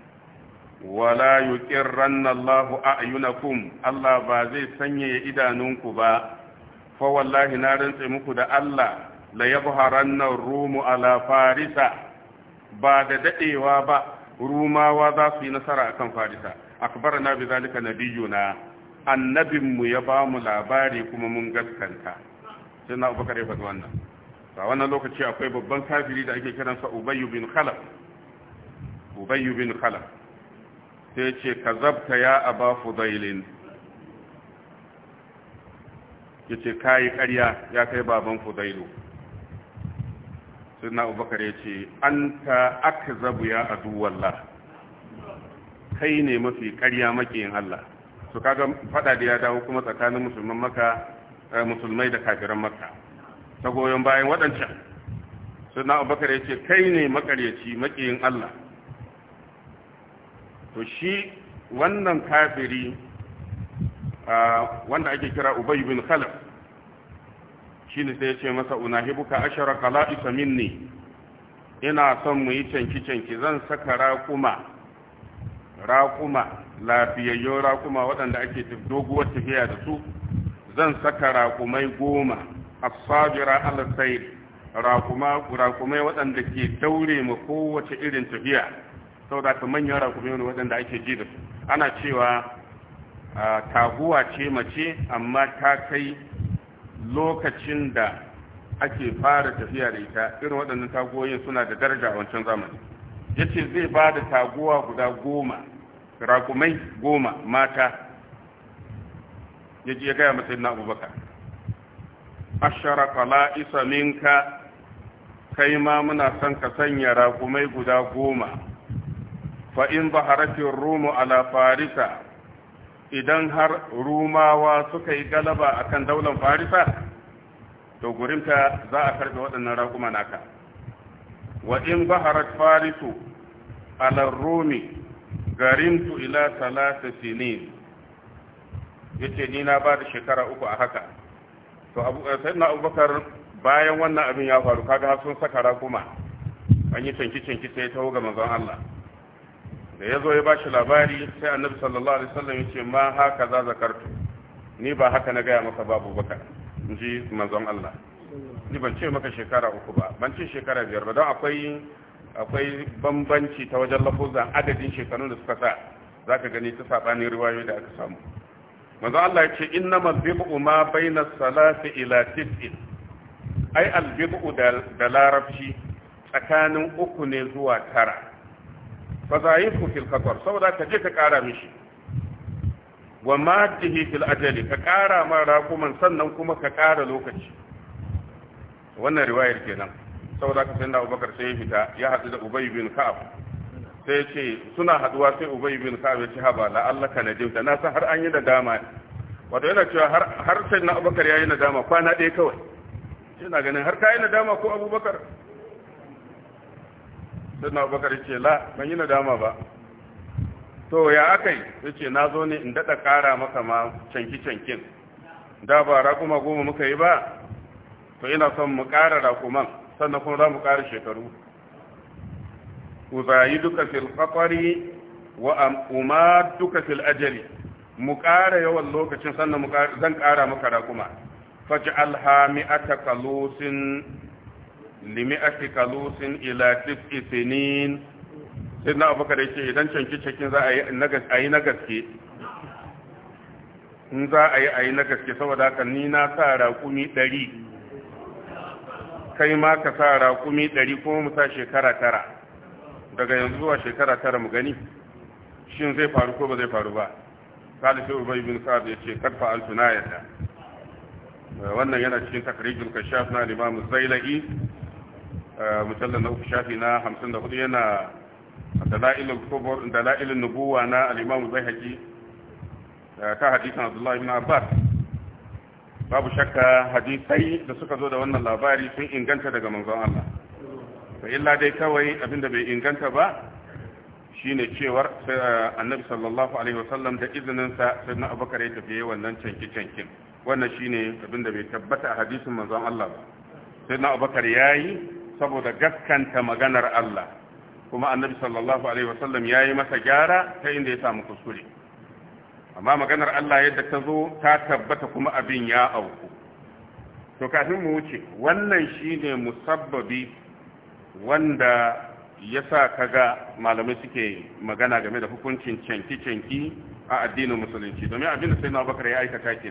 wala yuqirranna Allahu a'yunakum Allah ba zai sanyaya idanunku ba fa wallahi na rantse muku da Allah la yabharanna rumu ala farisa ba da dadewa ba rumawa za su yi nasara akan farisa akbarna bi zalika nabiyuna annabin mu ya ba mu labari kuma mun gaskanta sai na abubakar ya faɗi wannan a wannan lokaci akwai babban kafiri da ake kiransa ubayyu bin khalaf ubayyu bin khalaf sai ce kazabta ya aba fudailin ya ce kayi ƙarya ya kai baban fudailu sai na abubakar ya ce an ta aka zabu ya aduwallah kai ne mafi ƙarya makiyin Allah su kaga fada da ya dawo kuma tsakanin musulman maka eh, musulmai da kafiran maka ta goyon bayan waɗancan suna abubakar ya ce kai ne makaryaci makiyin Allah to shi wannan kafiri wanda ake kira ubay bin khalaf shi ne sai ya ce masa unahibuka ashara qala'isa minni ina son mu yi canki canki zan saka kuma. raƙuma lafiyayyun raƙuma waɗanda ake doguwar tafiya da su zan saka raƙumai goma a sabira alasai raƙuma raƙumai waɗanda ke daure ma kowace irin tafiya sau da ta manyan raƙumai ne waɗanda ake ji da su ana cewa taguwa ce mace amma ta kai lokacin da ake fara tafiya da ita irin waɗannan taguwoyin suna da daraja a wancan zamani yace zai ba da taguwa guda goma raƙumai goma mata ya ji ya gaya masai na abubakar ashara isa minka kai ma muna son ka sanya raƙumai guda goma fa in harafin rumu ala farisa idan har rumawa suka yi galaba akan daular farisa to gurinta za a karbe waɗannan raƙuma naka wa in harafin farisu ala garintu ila talata sinin yace ni na ba da shekara uku a haka to eh, sayyidina abubakar bayan wannan abin ya faru kaga sun saka kuma an yi cinki-cinki sai ta ga manzon Allah da ya zo ya ba shi labari sai annabi sallallahu alaihi wasallam ya ce ma haka za zakartu ni ba haka na gaya maka ba abubakar in ji manzon Allah ni ban ce maka shekara uku ba ban ce shekara biyar ba don akwai akwai bambanci ta wajen lafuzan adadin shekarun da suka sa za ka gani ta saɓanin riwayoyi da aka samu manzo Allah ya ce inna mabibu ma baina salati ila tis'in ai albibu da larabci tsakanin uku ne zuwa tara fa zaifu fil qatar saboda ka je ka kara mishi wa maddihi fil ajali ka ƙara ma raƙuman sannan kuma ka ƙara lokaci wannan riwayar kenan saboda ka sai da abubakar sai ya fita ya haɗu da ubay bin ka'ab sai ce suna haɗuwa sai ubay bin ka'ab ya ce haba la Allah ka najim da na san har an yi da dama wato yana cewa har har sai na abubakar yayi dama kwana ɗaya kawai yana ganin har ka yi dama ko abubakar sai na abubakar ya ce la ban yi na dama ba to ya akai ya ce na zo ne in daɗa ƙara maka ma canki-cankin da ba raƙuma goma muka yi ba to ina son mu ƙara raƙuman sannan kuma za mu ƙara shekaru uzayi duka fil ƙafari wa amma duka fil ajali mu ƙara yawan lokacin sannan mu zan ƙara maka raƙuma alhami a qalusin limi qalusin ila ilatif isinin sai na kare ce idan canki cikin za a yi na gaske in za a yi a yi na gaske saboda haka ni na sa raƙumi ɗari kai ma ka sa raƙumi ɗari ko mu sa shekara tara daga yanzu zuwa shekara tara mu gani shin zai faru ko ba zai faru ba salisu ubai bin sa'ad ya ce kad fa'al tunayata wannan yana cikin takrijul kashaf na imam zailai eh, mujallal na uku shafi na hamsin yana hudu kubur dala'ilin nubuwa na al-imam bayhaqi eh, ta hadisan Abdullahi ibn abbas babu shakka hadisai da suka zo da wannan labari sun inganta daga manzon Allah fa illa dai kawai abinda bai inganta ba shine cewar eh, annabi sallallahu alaihi wasallam da izinin sa sai na abubakar ya wannan canki cankin wannan shine abinda bai tabbata a hadisin manzon Allah ba sai na abubakar yayi saboda gaskanta maganar Allah kuma annabi sallallahu alaihi wasallam yayi masa gyara ta inda ya samu kuskure amma maganar Allah yadda ta zo ta tabbata kuma abin ya auku to kafin mu wuce wannan shine musabbabi wanda ya sa kaga malamai suke magana game da hukuncin canki-canki a addinin musulunci domin abin da sayyidina abubakar ya aikata ke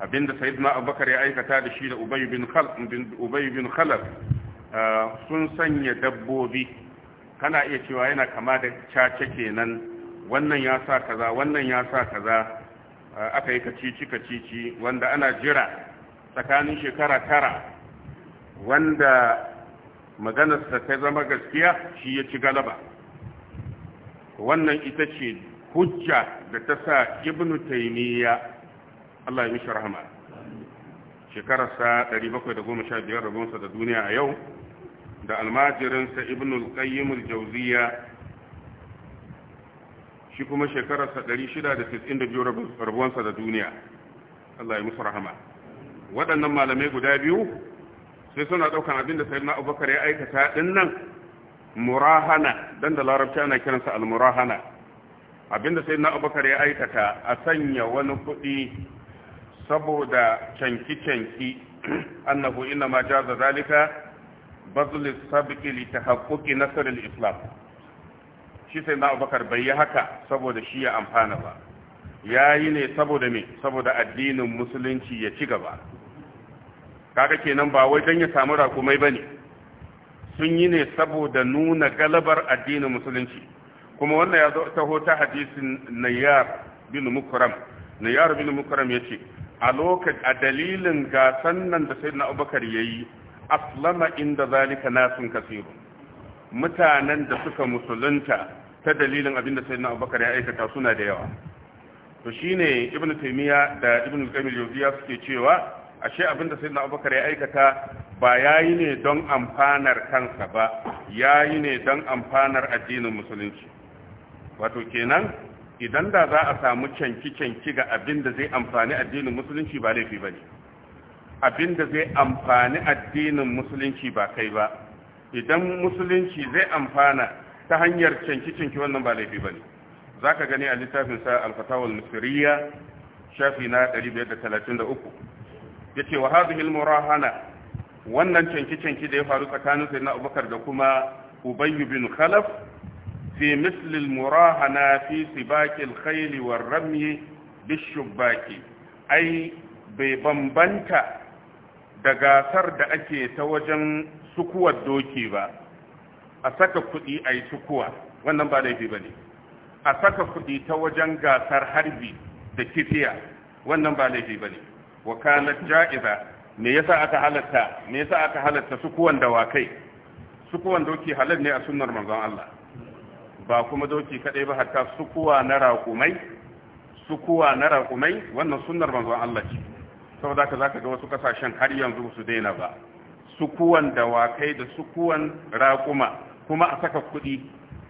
abin da sayyidina abubakar ya aikata da shi da ubayu bin khalaf eh, sun sanya dabbobi kana iya cewa yana kama da cace kenan wannan ya sa kaza wannan ya sa kaza aka yi kacici kacici wanda ana jira tsakanin shekara tara wanda maganarsa ta zama gaskiya shi ya ci galaba wannan ita ce hujja da ta sa Ibn taimiyya Allah ya mishi rahama shekararsa 715 rabonsa da duniya a yau da almajirinsa Ibn al-qayyim al-jawziyya shi kuma shekararsa 692 rabuwansa da duniya Allah ya musu rahama waɗannan malamai guda biyu sai suna ɗaukan abinda da sayyidina abubakar ya aikata ɗin nan murahana Don da larabci ana kiransa al-murahana abinda sayyidina abubakar ya aikata a sanya wani kuɗi saboda canki-canki annahu inna ma jaza zalika bazli sabqi li tahaqquqi nasr al-islam shi sai na abubakar bai yi haka saboda shi ya amfana ba ya yi ne saboda me saboda addinin musulunci ya ci gaba kaga kenan ba wai don ya samu rakumai ba ne sun yi ne saboda nuna galabar addinin musulunci kuma wannan ya taho ta hadisin nayar bin mukaram nayar bin mukaram ya ce a lokacin a dalilin gasan nan da sai na abubakar ya yi aslama inda zalika nasun kasiru mutanen da suka musulunta ta dalilin abinda na abubakar ya aikata suna da yawa to shine ibn taimiyya da ibn al-qayyim al suke cewa ashe abinda na abubakar ya aikata ba yayi ne don amfanar kansa ba yayi ne don amfanar addinin musulunci wato kenan idan da za a samu canki-canki ga abin da zai amfani addinin musulunci ba laifi ba ne abin da zai amfani addinin musulunci ba kai ba idan musulunci zai amfana ta hanyar cinki-cinki wannan ba laifi ba ne za ka gani a littafin sa alfatawar misiriya shafi na 533 ya ce wa hazu hilmura wannan cinki-cinki da ya faru tsakanin sai na abubakar da kuma ubayyu bin khalaf fi mislil murahana fi sibakil khayli war ramyi bishubaki ai bai bambanta da gasar da ake ta wajen sukuwar doki ba a saka kuɗi a yi sukuwa wannan ba laifi ba ne a saka kuɗi ta wajen gasar harbi da kifiya wannan ba laifi ba ne wakalar ja'iza me yasa aka halatta me yasa aka halatta sukuwan dawakai sukuwan doki halal ne a sunnar manzon Allah ba kuma doki kadai ba hatta sukuwa na raƙumai sukuwa na raƙumai wannan sunnar manzon Allah ce saboda ka zaka ga wasu kasashen har yanzu su daina ba sukuwan dawakai da sukuwan raƙuma kuma a saka kuɗi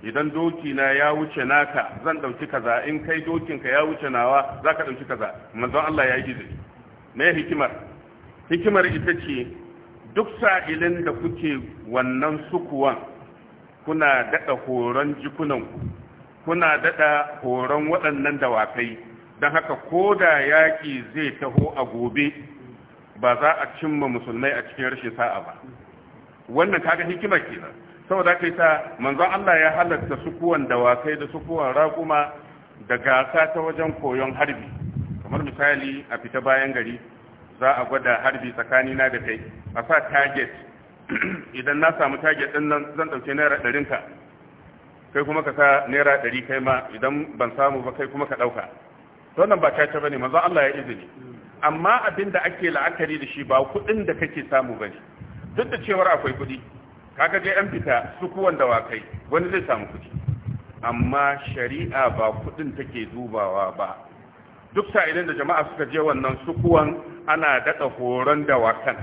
idan dokina ya wuce naka zan ɗauki kaza in kai dokinka ya wuce nawa za ka ɗauki kaza manzon Allah ya yi izini me hikimar hikimar ita ce duk sa'ilin da kuke wannan sukuwan kuna daɗa horon jikunanku kuna daɗa horon waɗannan dawakai don haka ko da yaƙi zai taho a gobe ba za a cimma musulmai a cikin rashin sa'a ba wannan kaga hikimar kenan saboda kai sa manzon Allah ya halatta sukuwan dawakai da sukuwan raƙuma da gasa ta wajen koyon harbi kamar misali a fita bayan gari za a gwada harbi tsakanina da kai a sa target idan na samu target din nan zan dauke naira ɗarin ka kai kuma ka sa naira ɗari kai ma idan ban samu ba kai kuma ka ɗauka wannan ba caca bane manzon Allah ya izini amma abin da ake la'akari da shi ba kuɗin da kake samu bane duk da cewar akwai kuɗi kaga je an fita sukuwan dawakai wani zai samu kuɗi amma shari'a ba kuɗin take dubawa ba duk idan da jama'a suka je wannan sukuwan ana daɗa horon dawakan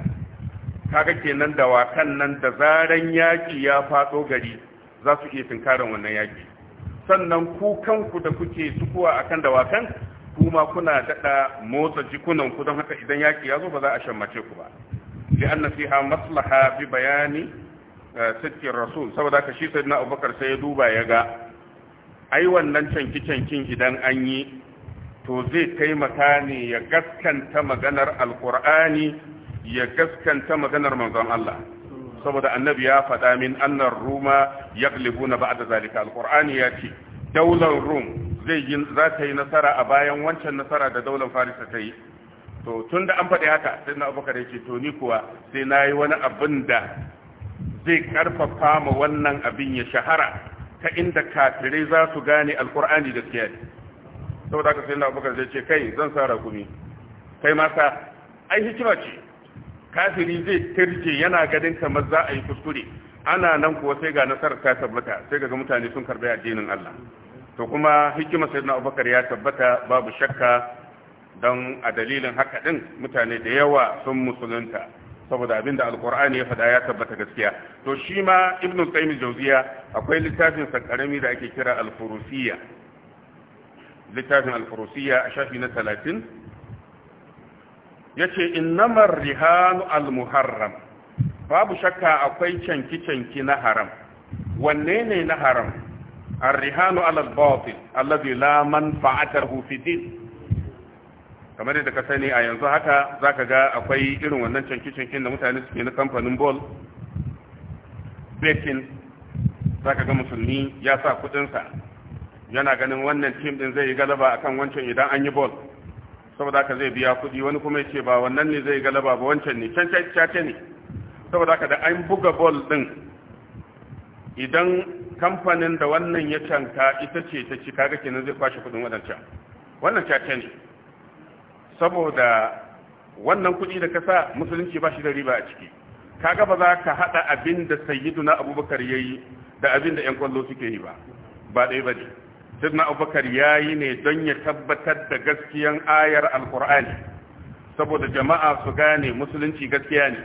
kaga kenan dawakan nan da zaran yaki ya faɗo gari za su iya tunkarin wannan yaki? sannan ku kanku da kuke sukuwa akan dawakan kuma kuna daɗa motsa jikunan ku don haka idan yaki ya zo ba za a shammace ku ba li anna fiha maslaha bi bayani Eh, sitkin rasul saboda ka shi sayyidina abubakar sai ya duba ya ga ai wannan canki-cankin idan an yi to zai kai ne ya gaskanta maganar alkur'ani ya gaskanta maganar manzon Allah saboda annabi ya faɗa min annar ruma ya na ba'da zalika alkur'ani ya ce daular rum zai yi za ta yi nasara a bayan wancan nasara da daular farisa ta yi to tun da an faɗi haka sai na abubakar ya to ni kuwa sai na yi wani abin da zai karfafa ma wannan abin ya shahara ta inda kafirai za su gane alkur'ani da siyari saboda haka sai na abubakar zai ce kai zan sa rakumi kai masa, ai hikima ce kafiri zai tirje yana ganin kamar za a yi kuskure ana nan kuwa sai ga nasarar ta tabbata sai ga mutane sun karɓi addinin Allah to kuma hikima na Abubakar ya tabbata babu shakka don a dalilin haka din mutane da yawa sun musulunta saboda abin da alkur'ani ya faɗa ya tabbata gaskiya to shi ma ibn qayyim jawziya akwai littafin sa karami da ake kira al-furusiyya littafin al-furusiyya a shafi na 30 yace innamar rihan al-muharram babu shakka akwai canki canki na haram wanne ne na haram الرهان على batil الذي لا منفعته في الدين kamar yadda ka sani a yanzu haka za ka ga akwai irin wannan canki-cankin da mutane suke na kamfanin bol bekin za ka ga musulmi ya sa kudinsa yana ganin wannan tim din zai yi galaba a kan wancan idan an yi bol saboda haka zai biya kudi wani kuma ya ce ba wannan ne zai yi galaba ba wancan ne can cace ne saboda haka da an buga bol din idan kamfanin da wannan ya canka ita ce ta ci kaga kenan zai kwashe kudin wadancan wannan cace ne saboda wannan kuɗi da kasa musulunci ba shi da riba a ciki kaga ba za ka haɗa abin da na abubakar ya yi da abin da 'yan kwallo suke yi ba ba ɗaya ba ne sayyiduna abubakar ya yi ne don ya tabbatar da gaskiyan ayar alkur'ani saboda jama'a su gane musulunci gaskiya ne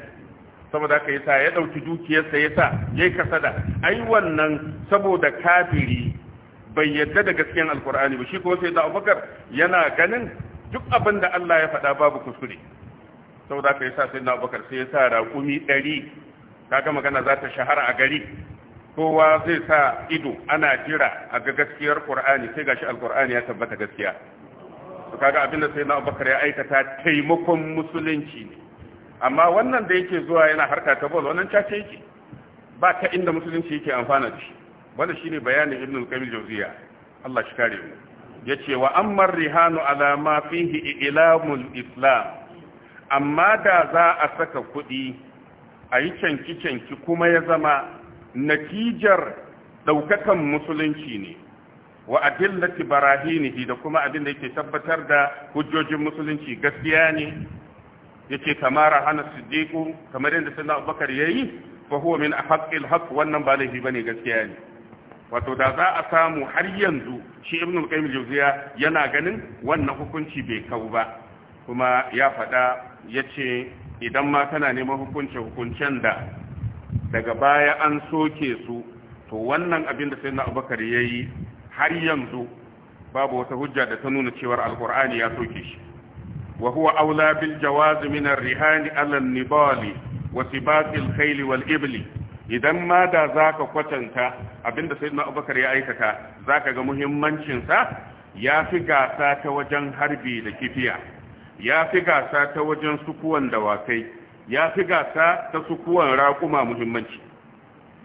saboda ka yi sa ya ɗauki dukiyarsa ya sa ya yi kasada ai wannan saboda kafiri bai yadda da gaskiyan alkur'ani ba shi kuma sai abubakar yana ganin duk abin da Allah ya faɗa babu kuskure sau da ka sa sai na abubakar sai ya sa raƙumi ɗari kaga magana za ta shahara a gari kowa zai sa ido ana jira a ga gaskiyar ƙur'ani sai gashi alƙur'ani ya tabbata gaskiya to kaga abin da sai na abubakar ya aikata taimakon musulunci ne amma wannan da yake zuwa yana harka ta bol wannan cace yake ba ta inda musulunci yake amfana da shi wannan shine bayanin ibn al-qayyim jawziya Allah shi kare mu yace wa ammar rihanu ala ma fihi ilamul islam amma da za a saka kuɗi a yi canki-canki kuma ya zama natijar ɗaukakan musulunci ne wa adillati barahinihi da kuma abin da yake tabbatar da hujjojin musulunci gaskiya ne yace kamar hana siddiqu kamar yadda sayyidina abubakar yayi fa huwa min haqqil haqq wannan ba laifi bane gaskiya ne wato da za a samu har yanzu shi ibn al-qayyim jawziya yana ganin wannan hukunci bai kau ba kuma ya faɗa yace idan ma kana neman hukunci hukuncen da daga baya an soke su to wannan abin da sayyidina abubakar yayi har yanzu babu wata hujja da ta nuna cewar alqur'ani ya soke shi wa huwa aula bil jawaz min ar-rihan nibali wa al-khayl ibli idan ma da za ka kwatanta abinda sai na abubakar ya aikata za ka ga muhimmancinsa ya fi gasa ta wajen harbi da kifiya ya fi gasa ta wajen sukuwan dawakai ya fi gasa ta sukuwan raƙuma muhimmanci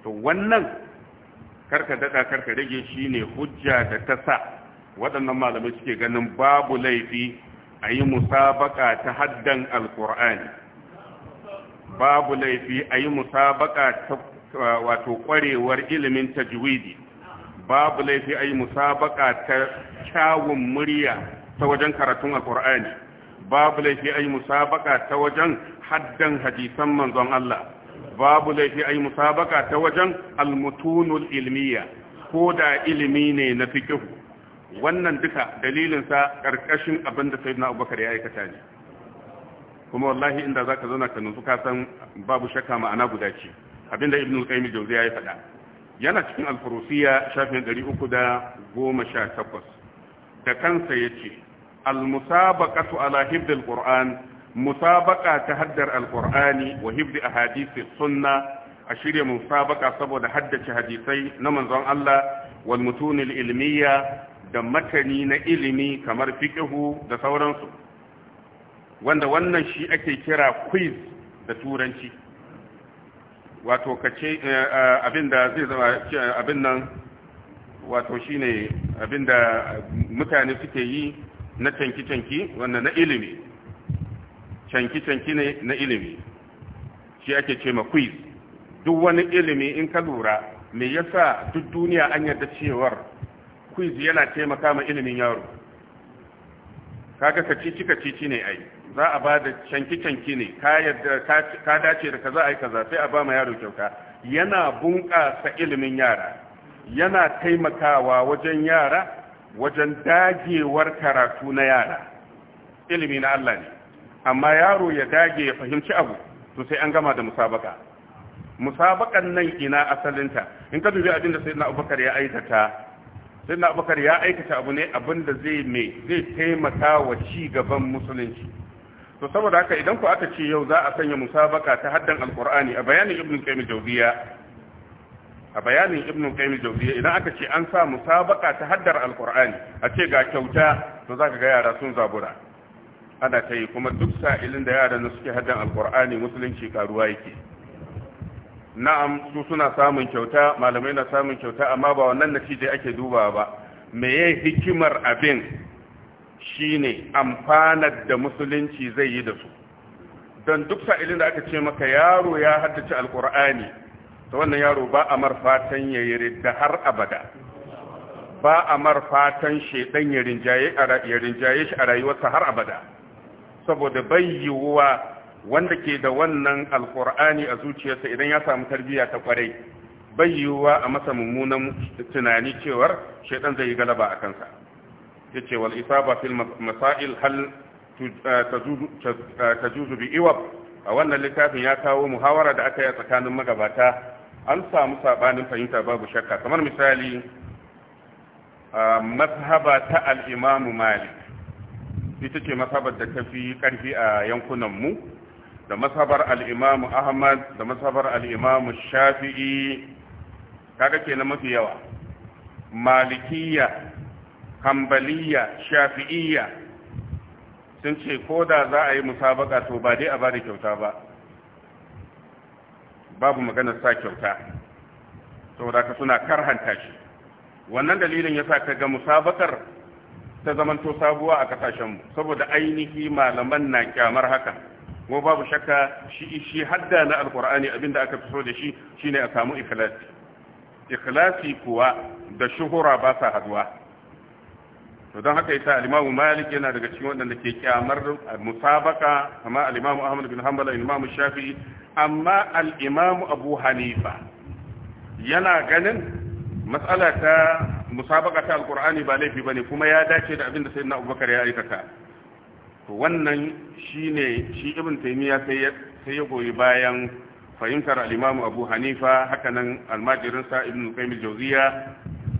to wannan karka daɗa karka rage shi ne hujja da ta sa waɗannan malamai suke ganin babu laifi a yi musabaka ta haddan alkur'ani babu laifi a yi musabaka ta wato kwarewar ilimin tajwidi babu laifi a yi musabaka ta kyawun murya ta wajen karatun alkur'ani babu laifi a yi musabaka ta wajen haddan hadisan manzon Allah babu laifi a yi musabaka ta wajen almutunul ilmiya ko da ilimi ne na fikihu wannan duka dalilinsa ƙarƙashin abin da sayyidina abubakar ya aikata ne kuma wallahi inda zaka zauna ka nutsu ka san babu shakka ma'ana guda ce abinda ibnu qayyim jawziya ya faɗa yana cikin al shafin shafin 318 da kansa yace al-musabaqatu ala hifd al-qur'an musabaqa ta haddar al-qur'ani wa hifd ahadith sunna a shirya musabaka saboda haddace hadisai na manzon Allah wal mutunil ilmiya da matani na ilimi kamar fiqhu da sauransu wanda wannan shi ake kira quiz da turanci wato kace eh, eh, abinda zai zama abin nan wato shine abinda mutane suke yi na canki-canki wanda na ilimi canki-canki ne na ilimi shi ake ce ma quiz duk wani ilimi in ka lura me yasa duk duniya an yarda cewar quiz yana taimaka ma ilimin yaro kaga kacici kacici ne ai za a ba da canki-canki ne ka dace da a yi kaza sai a ba ma yaro kyauta yana bunƙasa ilimin yara yana taimakawa wajen yara wajen dagewar karatu na yara ilimi na Allah ne amma yaro ya dage ya fahimci abu to sai an gama da musabaka musabakan nan ina asalinta in ka dubi abin da sai na Abubakar ya aikata na Abubakar ya aikata abu ne abin da zai mai zai taimaka wa ci gaban musulunci to saboda haka idan ku aka ce yau za a sanya musabaka ta haddan alkur'ani a bayanin ibn qayyim jawziya a bayanin ibn qayyim jawziya idan aka ce an sa musabaka ta haddar alkur'ani a ce ga kyauta to zaka ga yara sun zabura ana ta yi kuma duk sa'ilin da yara suke haddan alkur'ani musulunci karuwa yake na'am su suna samun kyauta malamai na samun kyauta amma ba wannan natija ake dubawa ba me meye hikimar abin Shi ne amfanar da musulunci zai yi da su don duk sa'ilin da aka ce maka yaro ya haddace alkur'ani ta wannan yaro ba a marfatan ya yi da har abada ba a marfatan shaidan ya rinjaye shi a rayuwarsa har abada saboda bai yiwuwa wanda ke da wannan alkur'ani a zuciyarsa idan ya samu tarbiyya ta kwarai bai yiwuwa a masa mummunan tunani cewar shaidan zai yi galaba a kansa yace wal isaba fil masail hal eh, eh, tajuzu bi iwab a wannan littafin ya kawo muhawara da aka yi tsakanin magabata an samu sabanin fahimta babu shakka kamar misali mazhaba ta al-imam malik ita ce mazhabar da tafi karfi a yankunan mu da mazhabar al-imam ahmad da mazhabar al-imam shafi'i kaga kenan mafi yawa malikiya hambaliya shafi'iyya sun ce ko da za a yi musabaka to ba dai a ba da kyauta ba babu maganar sa kyauta saboda ka suna karhanta shi wannan dalilin ya sa ka ga musabakar ta zamanto sabuwa a kasashenmu saboda ainihi malaman na kyamar haka ko babu shakka shi shi hadda na alkur'ani abinda aka fi so da shi shine a samu ikhlasi ikhlasi kuwa da shuhura ba sa haduwa to don haka yasa al-Imam Malik yana daga cikin waɗanda ke kyamar musabaka kama al-Imam Ahmad bin Hanbal al-Imam Shafi'i amma al-Imam Abu Hanifa yana ganin mas'ala ta musabaka ta al-Qur'ani ba laifi bane kuma ya dace da abin da sayyidina Abubakar ya aikata to wannan shine shi Ibn Taymiyyah sai sai ya goyi bayan fahimtar al-Imam Abu Hanifa hakanan al-Majirinsa Ibn Qayyim al-Jawziyya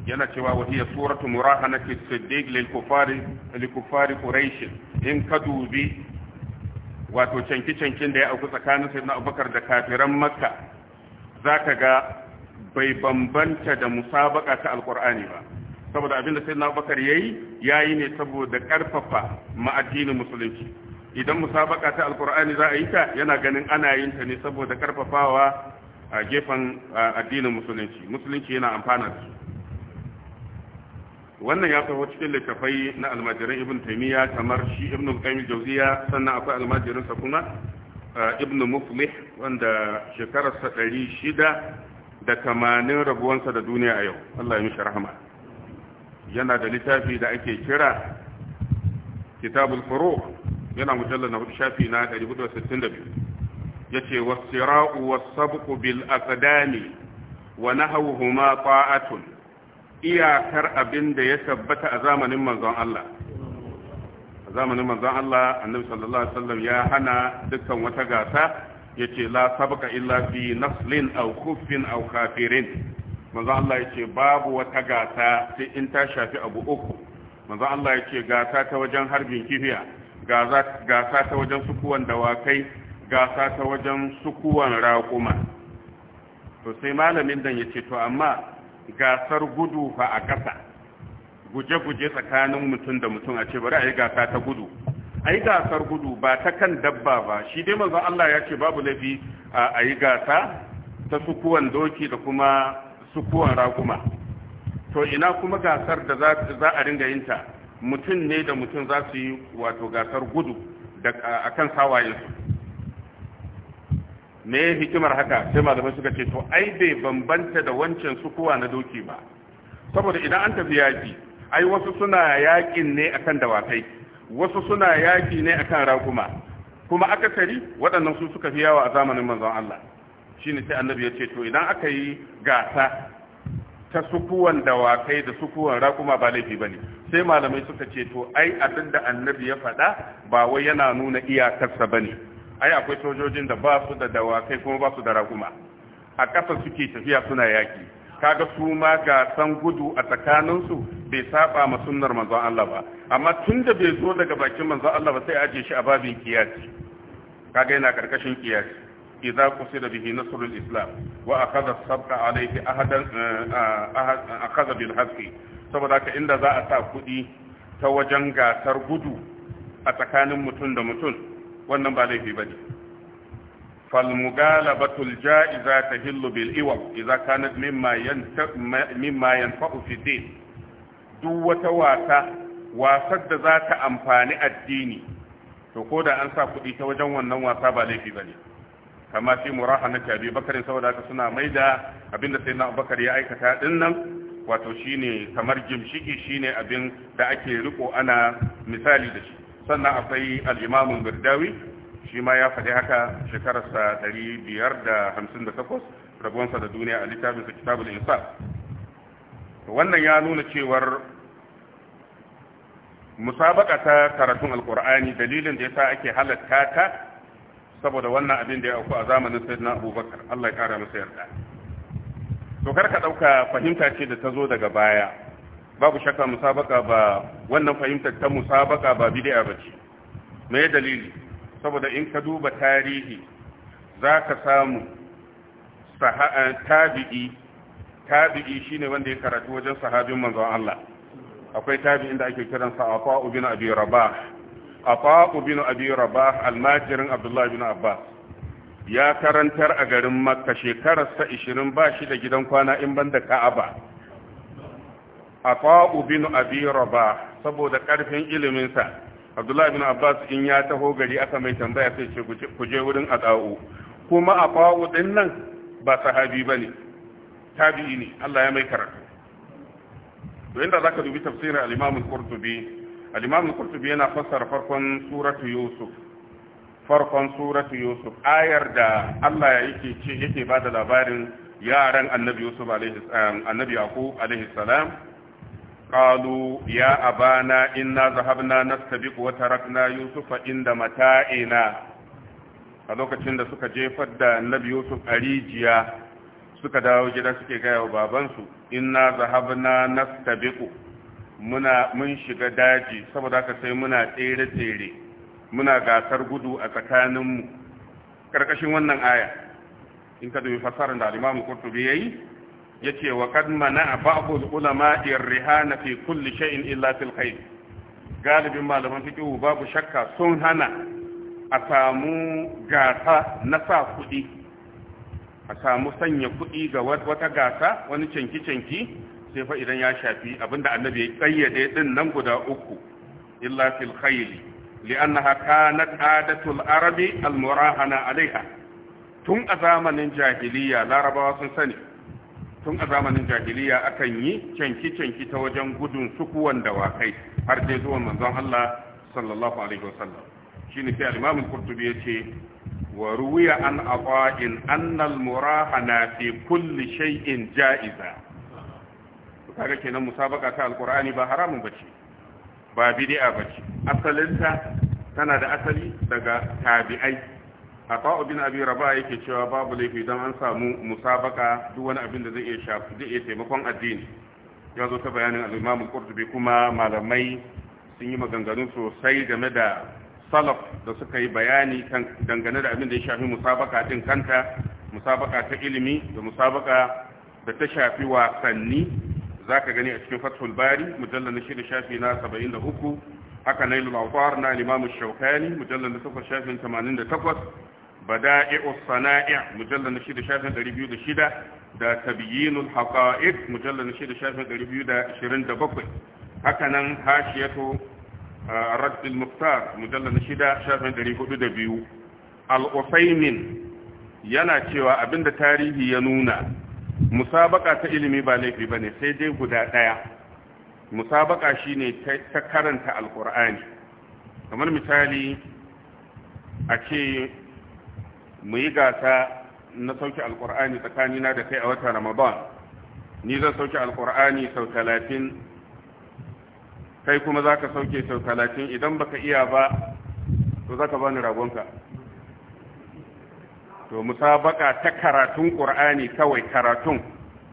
yana cewa wa hiya suratu murahanati siddiq lil kufari lil kufari quraish in ka dubi wato cancin cancin da ya auku tsakanin sayyidina abubakar da kafiran makka zaka ga bai bambanta da musabaka ta alqur'ani ba saboda abin da sayyidina abubakar yayi yayi ne saboda karfafa ma'addinin musulunci idan musabaka ta alqur'ani za a yi ta yana ganin ana yin ta ne saboda karfafawa a gefen addinin musulunci musulunci yana amfana da su wannan ya taho cikin littafai na almajirin ibn taimiyya kamar shi ibn qayyim jawziya sannan akwai almajirin sa kuma uh, ibn muflih wanda shekararsa sa shida da 80 rabuwansa da duniya a yau Allah ya mishi rahama yana da littafi da ake kira kitabul furo yana mujallal na shafi na 462 yace was-sira'u was-sabqu bil aqdami wa nahawhuma ta'atun iyakar abin da ya tabbata a zamanin manzon Allah a zamanin manzon Allah annabi sallallahu alaihi wasallam ya hana dukkan wata gasa yace la sabqa illa fi naslin aw khuffin aw kafirin manzon Allah yace babu wata gasa sai in ta shafi abu uku manzon Allah yace gasa ta wajen harbin kifiya gasa ta wajen sukuwan dawakai gasa ta wajen sukuwan raƙuma to sai malamin dan yace to amma gasar gudu fa a ƙasa guje-guje tsakanin mutum da mutum a ce bari a yi gasa ta gudu a yi gasar gudu ba ta kan dabba ba shi dai maza Allah ya ce babu laifi a yi gasa ta sukuwan doki da kuma sukuwan raguma to ina kuma gasar da za a ringa yin ta mutum ne da mutum za su yi wato gasar gudu a kan sawayensu me hikimar haka sai malamai suka ce to ai bai bambanta da wancan sukuwa na doki ba saboda idan an tafi yaki ai wasu suna yakin ne akan dawakai wasu suna yaki ne akan raguma kuma akasari waɗannan su suka fi yawa a zamanin manzon Allah shine sai annabi ya ce to idan aka yi gasa ta sukuwan dawakai da sukuwan raƙuma ba laifi bane sai malamai suka ce to ai abinda annabi ya faɗa ba wai yana nuna iyakarsa bane ai akwai sojojin da ba su da dawakai kuma ba su da raguma a ƙasa suke tafiya suna yaƙi kaga su ma ga san gudu a tsakaninsu bai saba ma sunnar manzon Allah ba amma tun da bai zo daga bakin manzon Allah ba sai aje shi a babin kiyasi kaga yana karkashin kiyasi idza qusida bihi nasrul islam wa akhadha sabqa alayhi ahadan eh, ah, akhadha bil haqqi saboda ka inda za a sa kuɗi ta wajen gasar gudu a tsakanin mutum da mutum wannan ba laifi ne. Falmugala Batul تهل بالإوم إذا كانت مما ينفع مما ينفع في الدين duk wata wasa wasar da za ta amfani addini to ko da an sa kuɗi ta wajen wannan wasa ba laifi ba ne kama fi muraha na tabi bakarin saboda haka suna mai da abinda sai na bakar ya aikata din nan wato shine kamar gimshiki shine abin da ake riko ana misali da shi sannan akwai al'imamun birdawi shi ma ya faɗi haka shekararsa 558 rabuwansa da duniya a littafinsa kitabul insa wannan ya nuna cewar musabaka ta karatun alkur'ani dalilin da ya sa ake halatta ta saboda wannan abin da ya auku a zamanin na abubakar Allah ya kara masa yarda to karka ɗauka fahimta ce da ta zo daga baya babu shakka musabaka ba wannan fahimtar ta musabaka ba bid'a bace me dalili saboda in ka duba tarihi zaka samu eh, tabi'i tabi'i shine wanda ya karatu wajen sahabin manzon Allah akwai tabi'in da ake kiransa Afa ibn Abi Rabah Afa ibn Abi Rabah almajirin Abdullah ibn Abbas ya karantar a garin Makka shekararsa 20 ba shi da gidan kwana in banda Ka'aba ata'u bin abi rabah saboda karfin ilimin sa abdullahi bin abbas in ya taho gari aka mai tambaya sai ce ku je wurin ata'u kuma ata'u din nan ba sahabi bane tabi'i ne Allah ya mai karatu to inda zaka dubi tafsirin al-imam al-qurtubi al-imam al-qurtubi yana fassara farkon suratu yusuf farkon suratu yusuf ayar da Allah yake ce yake bada labarin yaran annabi yusuf alaihi annabi yaqub alaihi salam قالوا يا أبانا إنا ذهبنا نستبق وتركنا يوسف عند متاعنا فلوكا تشند سكا جيفد النبي يوسف أريجيا سكا داو جدا سكا جايو بابانسو إنا ذهبنا نستبق muna mun shiga daji saboda haka sai muna tsere-tsere muna gasar gudu a tsakaninmu ƙarƙashin wannan aya in ka dubi fasarar da alimamu kurtubi ya yi yace wa qad a ba'dul ulama rihana fi kulli sha'in illa fil galibin malaman fiqh babu shakka sun hana a samu gasa na sa kudi a samu sanya kuɗi ga wata gasa wani canki-canki sai fa idan ya shafi abinda annabi ya kayyade din nan guda uku illa fil khayli li'annaha kanat adatul arabi al murahana alaiha tun a zamanin jahiliya larabawa sun sani tun a zamanin jahiliya akan yi canki-canki ta wajen gudun sukuwan dawakai har dai zuwan manzon Allah sallallahu alaihi wasallam shine sai al-Imam al-Qurtubi yace wa ruwiya an aqa'in anna al-murahana fi kulli shay'in ja'iza kaga kenan musabaka ta al-Qur'ani ba haramun bace ba bid'a bace asalinta tana da asali daga tabi'ai Ata'u bin Abi Raba yake cewa babu laifi don an samu musabaka duk wani abin da zai iya shafi zai iya taimakon addini ya zo ta bayanin al-Imam kuma malamai sun yi maganganu sosai game da salaf da suka yi bayani kan dangane da abin da ya shafi musabaka din kanta musabaka ta ilimi da musabaka da ta shafi wasanni za ka gani a cikin Fathul Bari mujallal na shida shafi na saba'in da 73 haka nailul awtar na al-Imam Shawkani mujallal na 8 shafin 88 bada'i'us sana'i' mujallal na 6 shafin 206 da tabyinul haqa'iq mujallal na 6 shafin 227 haka nan hashiyatu radd al-muqtar mujallal na 6 shafin 402 al-usaymin yana cewa abinda tarihi ya nuna musabaƙa ta ilimi ba laifi bane sai dai guda daya musabaka shine ta karanta alqur'ani kamar misali a ce mu yi gasa na sauke alkur'ani tsakanina da kai a wata ramadan ni zan sauke alkur'ani sau talatin kai kuma za ka sauke sau talatin idan baka iya ba to za ka bani ragonka to musabaka ta karatun ƙur'ani kawai karatun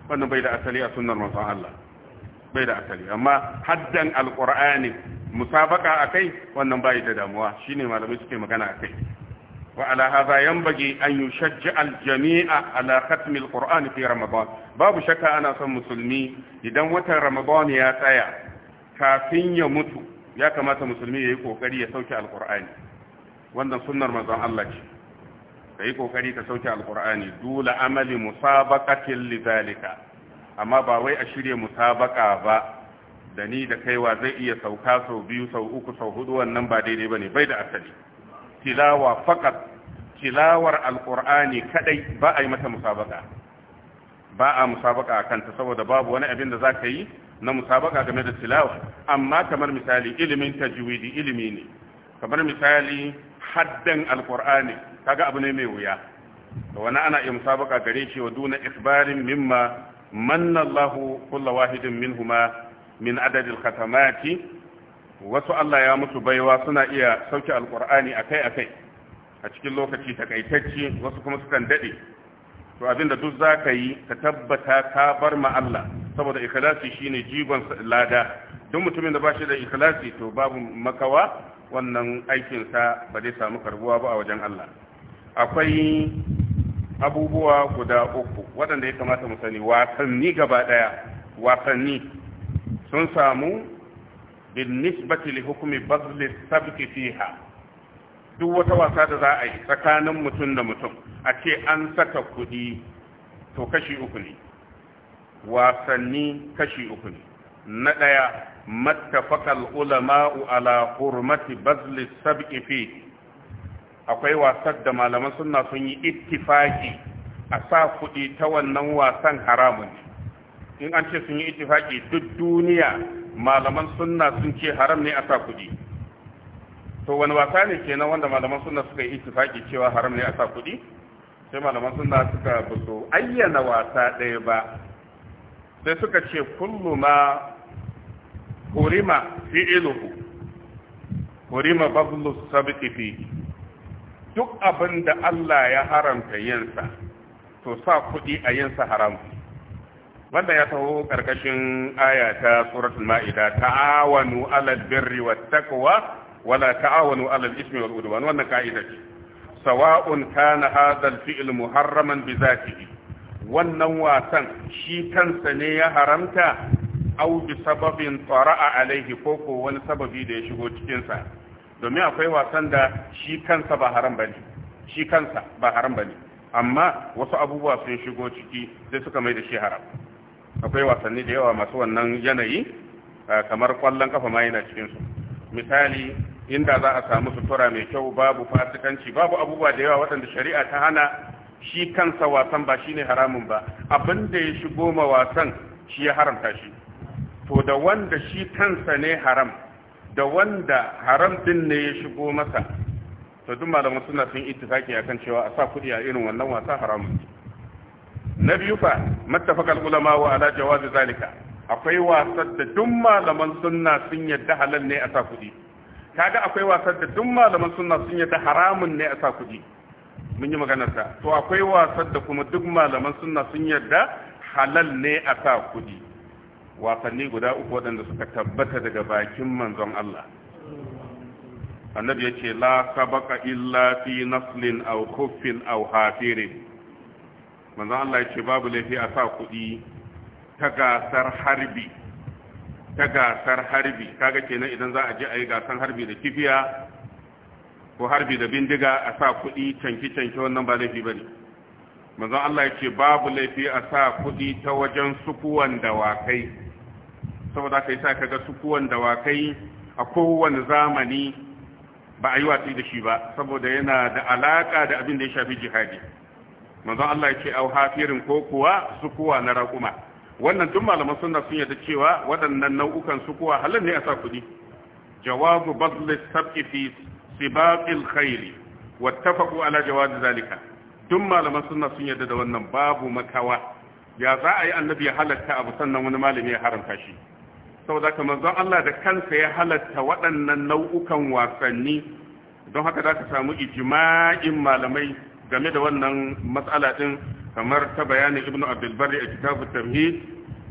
wannan bai da asali a sunnar masu Allah bai da asali amma haddan alƙur'ani musabaka kai wannan bai da damuwa shine malamai suke magana a kai. وعلى هذا ينبغي أن يشجع الجميع على ختم القرآن في رمضان باب شكا أنا صم مسلمي إذا وتر رمضان يا تايا كافين يموت يا كما مسلمي يكو كري يسوك القرآن وانا سنة رمضان الله يكو كري تسوك القرآن دول عمل مسابقة لذلك أما باوي أشري مسابقة با da ni da kaiwa zai iya sauka sau biyu sau uku sau hudu wannan ba daidai bane bai da asali tilawa faqat tilawar alkur'ani kadai ba a yi mata musabaka ba a musabaka akan kanta saboda babu wani abin da za ka yi na musabaka game da tilawa amma kamar misali ilimin tajwidi ilimi ne kamar misali haddan alqur'ani kaga abu ne mai wuya da wani ana iya musabaka gare shi wa duna ikhbarin mimma manna Allahu kullu wahidin minhuma min adadil khatamati wasu Allah ya mutu baiwa suna iya sauke alkur'ani akai-akai a cikin lokaci takaitacce wasu kuma sukan daɗe. to abinda duk za ka yi ka tabbata ka bar ma Allah saboda ikhlasi shine jigon lada duk mutumin da ba shi da ikhlasi to babu makawa wannan aikinsa ba zai samu karbuwa ba a wajen Allah akwai abubuwa guda uku waɗanda ya kamata mu sani wasanni gaba ɗaya wasanni sun samu بالنسبة لحكم بذل السبك فيها duk wata wasa da za a yi tsakanin mutum da mutum a ce an saka kuɗi to kashi uku ne wasanni kashi uku ne na ɗaya mattafakal ulama'u ala hurmati bazli sab'i fi akwai wasan da malaman sunna sun yi ittifaki a sa kuɗi ta wannan wasan haramun in an ce sun yi ittifaki duk duniya malaman sunna sun ce haram ne a sa kuɗi to wani wasa ne kenan wanda malaman sunna suka yi ittifaki cewa haram ne a sa kuɗi sai malaman sunna suka buso ayyana wasa ɗaya ba sai suka ce kullu ma hurima iluhu hurima bablu sabqi fi duk abin da Allah ya haramta yinsa to sa kuɗi a yinsa haram wanda ya taho karkashin aya ta suratul ma'ida ta'awanu 'alal birri wat taqwa wala ta'awanu 'alal ismi wal udwan wannan ka'ida ce sawa'un kana hadha al-fi'l muharraman bi wannan wasan shi kansa ne ya haramta au bi sababin a alaihi ko ko wani sababi da ya shigo cikinsa domin akwai wasan da shi kansa ba haram bane shi kansa ba haram bane amma wasu abubuwa sun shigo ciki sai suka mai da shi haram akwai wasanni da yawa masu wannan yanayi kamar kwallon kafa ma yana cikin su misali inda za a samu sutura mai kyau babu fasikanci babu abubuwa da yawa waɗanda shari'a ta hana shi kansa wasan ba shine haramun ba abin da ya shigo ma wasan shi ya haramta shi to da wanda shi kansa ne haram da wanda haram din ne ya shigo masa to duk malaman suna sun ittifaki akan cewa a sa kuɗi a irin wannan wasa haramun na biyu fa mattafaqal ulama wa ala jawaz zalika akwai wasar da duk malaman sunna sun yadda halal ne a sa kuɗi kaga akwai wasar da duk malaman sunna sun yadda haramun ne a sa kuɗi mun yi maganar ta to akwai wasar da kuma duk malaman sunna sun yadda halal ne a sa kuɗi wasanni guda uku waɗanda suka tabbata daga bakin manzon Allah annabi ya ce la sabaka illa fi naslin aw khuffin aw hafirin manzon Allah ya ce babu laifi a sa kuɗi ta gasar harbi ta gasar harbi kaga kenan idan za a je a yi gasar harbi da kifiya ko harbi da bindiga a sa kuɗi canki-canki wannan ba laifi ba ne Allah ya ce babu laifi a sa kuɗi ta wajen sukuwan dawakai saboda ka yi sa kaga sukuwan dawakai a kowane zamani ba a yi watsi da shi ba saboda yana da alaka da abin da ya shafi jihadi manzon Allah ya ce au hafirin ko kuwa sukuwa na raƙuma wannan tun malaman suna sun yarda cewa waɗannan nau'ukan sukuwa halin ne a sa kuɗi jawabu badl sabqi fi sibaqil khayl wattafaqu ala jawaz zalika Tun malaman suna sun yarda da wannan babu makawa ya za a yi annabi ya halatta abu sannan wani malami ya haramta shi saboda ka manzon Allah da kansa ya halatta waɗannan nau'ukan wasanni don haka za ka samu ijma'in malamai game da wannan matsala din kamar ta bayanin ibnu abdul barri a kitabu tamhid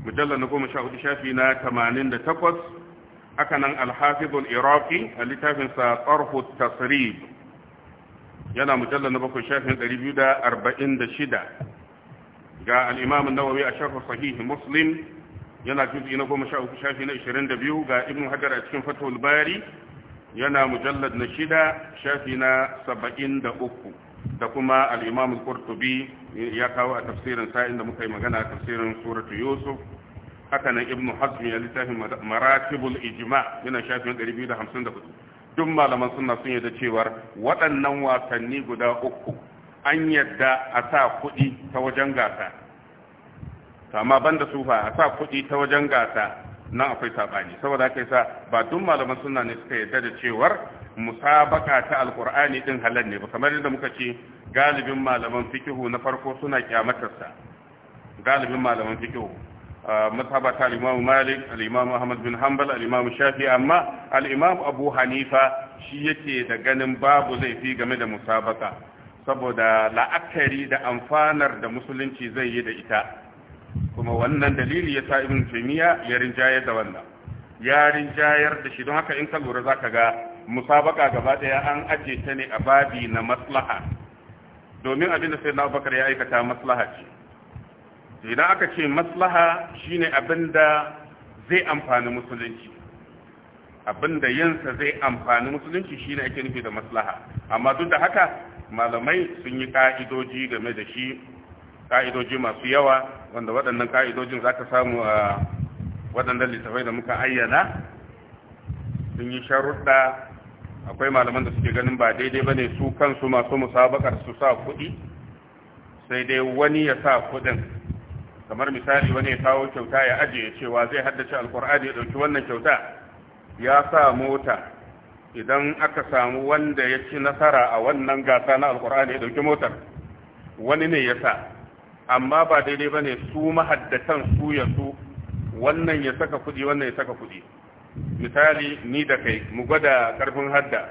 mujalla na goma sha hudu shafi na tamanin da takwas haka nan alhafizul iraqi a littafin littafinsa tsarhu tasrib yana mujalla na bakwai shafi na ɗari biyu da arba'in da shida ga al'imamun nawawi a shafin sahihi muslim yana juzi na goma sha uku shafi na ishirin da biyu ga ibn hajar a cikin fatawul bari yana mujallad na shida shafi na saba'in da uku da kuma al-imam al ya kawo a tafsirin sa'in da muka yi magana a tafsirin suratu yusuf haka nan ibnu hazm ya littafin maratibul ijma yana shafin 254 duk malaman suna sun yi da cewar waɗannan wasanni guda uku an yadda a sa kuɗi ta wajen gasa amma banda sufa a sa kuɗi ta wajen gasa nan akwai sabani saboda haka yasa ba duk malaman sunna ne suka yarda da cewar musabaka ta alqur'ani din halal ne ba kamar yadda muka ce galibin malaman fikihu na farko suna kyamatar sa galibin malaman fikihu mazhabata al-Imam Malik al-Imam Ahmad bin Hanbal al-Imam Shafi amma al-Imam Abu Hanifa shi yake da ganin babu laifi game da musabaka saboda la'akari da amfanar da musulunci zai yi da ita kuma wannan dalili ya sa ibn taymiya ya rinjayar da wannan ya rinjayar da shi don haka in ka lura zaka ga musabaka gaba daya an aje ta ne a babi na maslaha domin abin da sayyidina Abubakar ya aikata maslaha ce idan aka ce maslaha shine abin da zai amfani musulunci abin yansa zai amfani musulunci shine ake nufi da maslaha amma duk da haka malamai sun yi ka'idoji game da shi ka'idoji masu yawa wanda waɗannan ka'idojin za ka samu a waɗannan littafai da muka ayyana sun yi sharuɗa akwai malaman da suke ganin ba daidai ba ne su kansu masu musabakar su sa kuɗi sai dai wani ya sa kuɗin kamar misali wani ya kawo kyauta ya ajiye cewa zai haddace alkur'ani ya ɗauki wannan kyauta ya sa mota idan aka samu wanda ya ci nasara a wannan gasa na alkur'ani ya ɗauki motar wani ne ya sa amma ba daidai ba ne su mahaddatan su ya su wannan ya saka kuɗi wannan ya saka kuɗi misali ni da kai mu gwada karfin hadda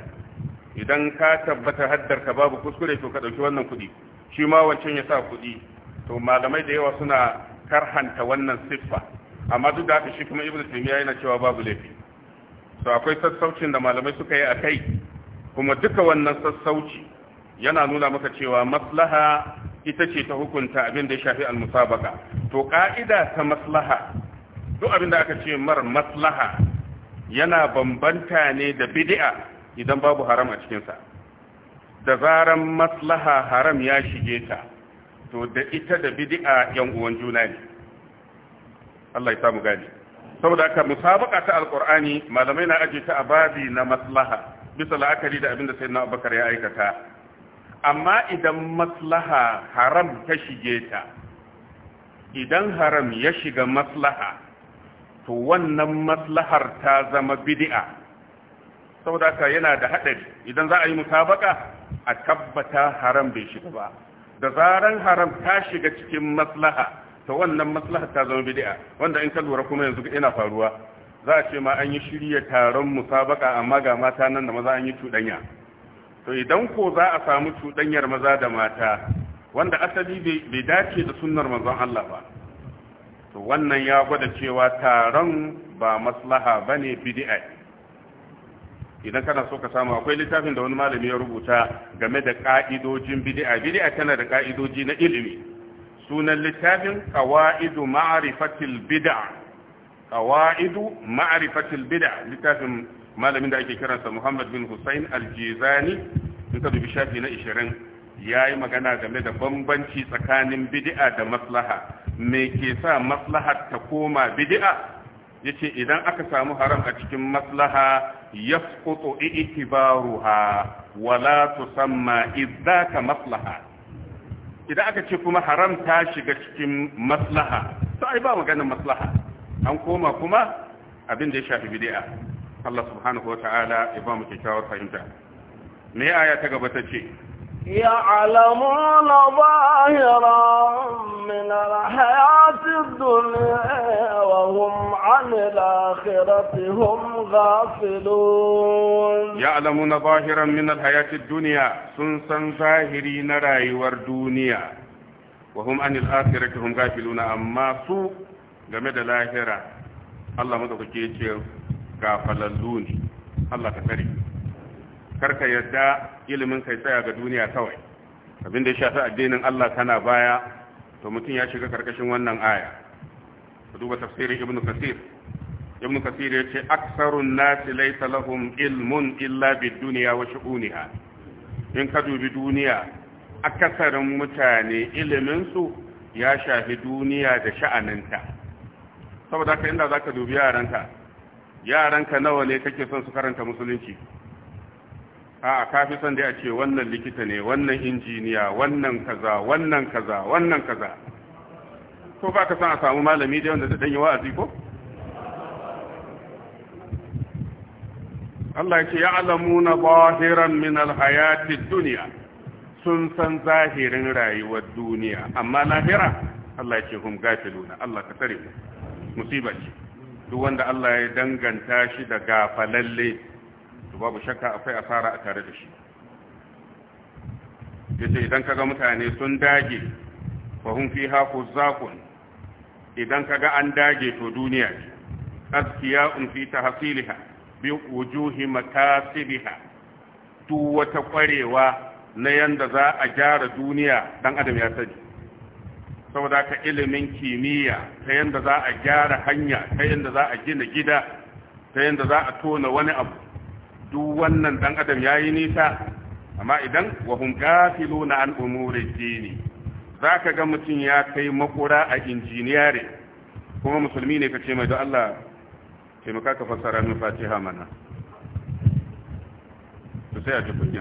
idan ka tabbata haddar ka babu kuskure to ka ɗauki wannan kuɗi shi ma wancan ya sa kuɗi to malamai da yawa suna karhanta wannan siffa amma duk da haka shi kuma ibnu taymiya yana cewa babu laifi to akwai sassaucin da malamai suka yi akai kuma duka wannan sassauci yana nuna maka cewa maslaha ita ce ta hukunta abin da ya shafi al musabaqa to ka'ida ta maslaha duk abin da aka ce mar maslaha yana bambanta ne da bid'a idan babu haram a cikinsa da zaran maslaha haram ya shige ta to da ita da bid'a yan uwan juna ne Allah ya samu gani saboda haka musabaƙa ta al-Qur'ani malamai na aje ta ababi na maslaha bisa la'akari da abin da sayyidina Abubakar ya aikata amma idan maslaha haram ta shige ta idan haram ya shiga maslaha to wannan maslahar ta zama bid'a saboda ka yana da haɗari idan za a yi musabaka a tabbata haram bai shiga ba da zaran haram ta shiga cikin maslaha ta wannan maslahar ta zama bid'a wanda in ka lura kuma yanzu yana faruwa za a ce ma an yi shirya taron musabaka amma ga mata nan da maza an yi cuɗanya to idan ko za a samu cuɗanyar maza da mata wanda asali bai dace da sunnar manzon Allah ba to wannan ya gwada cewa taron ba maslaha bane bid'a idan kana so ka samu akwai littafin da wani malami ya rubuta game da ka'idojin bid'a bid'a tana da ka'idoji na ilimi sunan littafin qawaidu ma'rifatil bid'a qawaidu ma'rifatil bid'a littafin malamin da ake kiransa muhammad bin hussein aljizani in ka dubi shafi na 20 ya yi magana game da bambanci tsakanin bid'a da maslaha me ke sa maslaha ta koma bid'a ya ce idan aka samu haram a cikin maslaha ya fito itibaruha wala tusamma idzaka maslaha idan aka ce kuma haram ta shiga cikin maslaha to ai ba maganar maslaha an koma kuma abin da ya shafi bid'a Allah subhanahu wa ta’ala ya ba fahimta. Ni aya ta gaba ta ce, Ya alamu na ba hira min duniya wa hum anil akhirati hum ghafilun Ya alamu na ba hira min duniya sun san zahiri na rayuwar duniya wa hum anil akhirati hum ghafilun amma su game da lahira Allah mutu kuke cewa gafalallu ne Allah ka tsare karka yadda ilimin kai tsaya ga duniya kawai abin da ya shafi addinin Allah kana baya to mutum ya shiga karkashin wannan aya ku duba tafsirin ibnu kasir ibnu kasir ya ce aksarun nasi laysa lahum ilmun illa bid-dunya wa shu'uniha in ka dubi duniya akasarin mutane ilimin su ya shafi duniya da sha'aninta saboda haka inda zaka dubi yaranka yaranka nawa ne kake son su karanta musulunci a ka fi son dai a ce wannan likita ne wannan injiniya wannan kaza wannan kaza wannan kaza ko ba ka son a samu malami dai wanda zai yi wa'azi ko Allah ya ce ya alamuna zahiran min alhayatid duniya sun san zahirin rayuwar duniya amma lahira Allah ya ce hum gafiluna Allah ka tare mu musiba ce duk wanda Allah ya danganta shi da gafalalle to babu shakka akwai asara a tare da shi yace idan kaga mutane sun dage fa hum fiha khuzaqun idan kaga an dage to duniya ce azkiya'un fi tahsilha bi wujuhi makasibiha duk wata kwarewa na yanda za a gyara duniya dan adam ya sani saboda ka ilimin kimiyya ta yadda za a gyara hanya ta yadda za a gina gida ta yadda za a tona wani abu duk wannan dan adam ya yi nisa amma idan wahun gafilu na an umuri dini za ka ga mutum ya kai makura a injiniyare kuma musulmi ne ka ce mai don allah taimaka ka fassara min fatiha mana to sai a ji kunya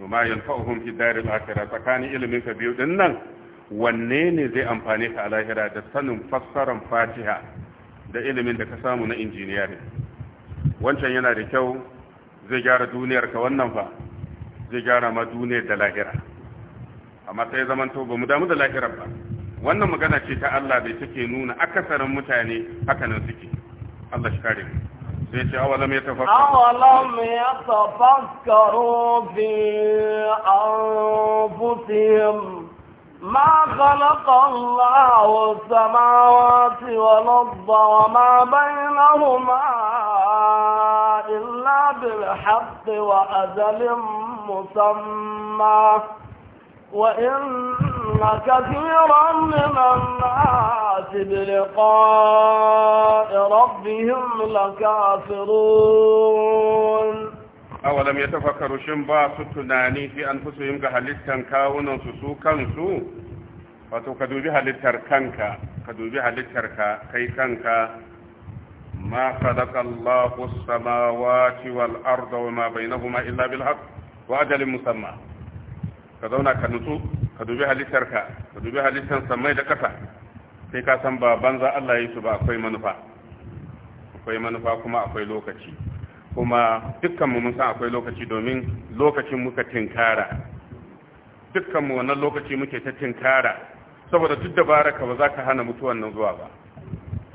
to ma yanfa'uhum fi daril akhirah tsakanin ilimin ka biyu din nan wanne ne zai amfane ka a lahira da sanin fassarar fatiha da ilimin da ka samu na injiniyari wancan yana da kyau zai gyara duniyar ka wannan fa zai gyara ma duniyar da lahira amma sai zaman to ba mu damu da lahirar ba wannan magana ce ta Allah bai take nuna akasarin mutane haka nan suke Allah shi kare mu سيتي أولم يتفكروا أولم يتفكروا bi أنفسهم ما خلق الله السماوات والأرض وما بينهما إلا بالحق وأزل مسمى وإن كثيرا من الناس بلقاء ربهم لكافرون awalam ya tafakkaru shin ba su tunani fi an fi su yin ga halittar kawunansu su kansu wato ka dubi halittar kanka ka dubi halittar ka kai kanka ma khalaqa Allahu as-samawati wal arda wa ma bainahuma illa bil haqq wa ajalin musamma ka zauna ka nutsu ka dubi halittar ka ka dubi halittar samai da kasa sai ka san ba banza Allah ya yi su ba akwai manufa akwai manufa kuma akwai lokaci kuma dukkanmu mun san akwai lokaci domin lokacin muka tinkara dukkanmu wannan lokaci muke ta tinkara saboda duk dabara ba za ka hana mutuwan nan zuwa ba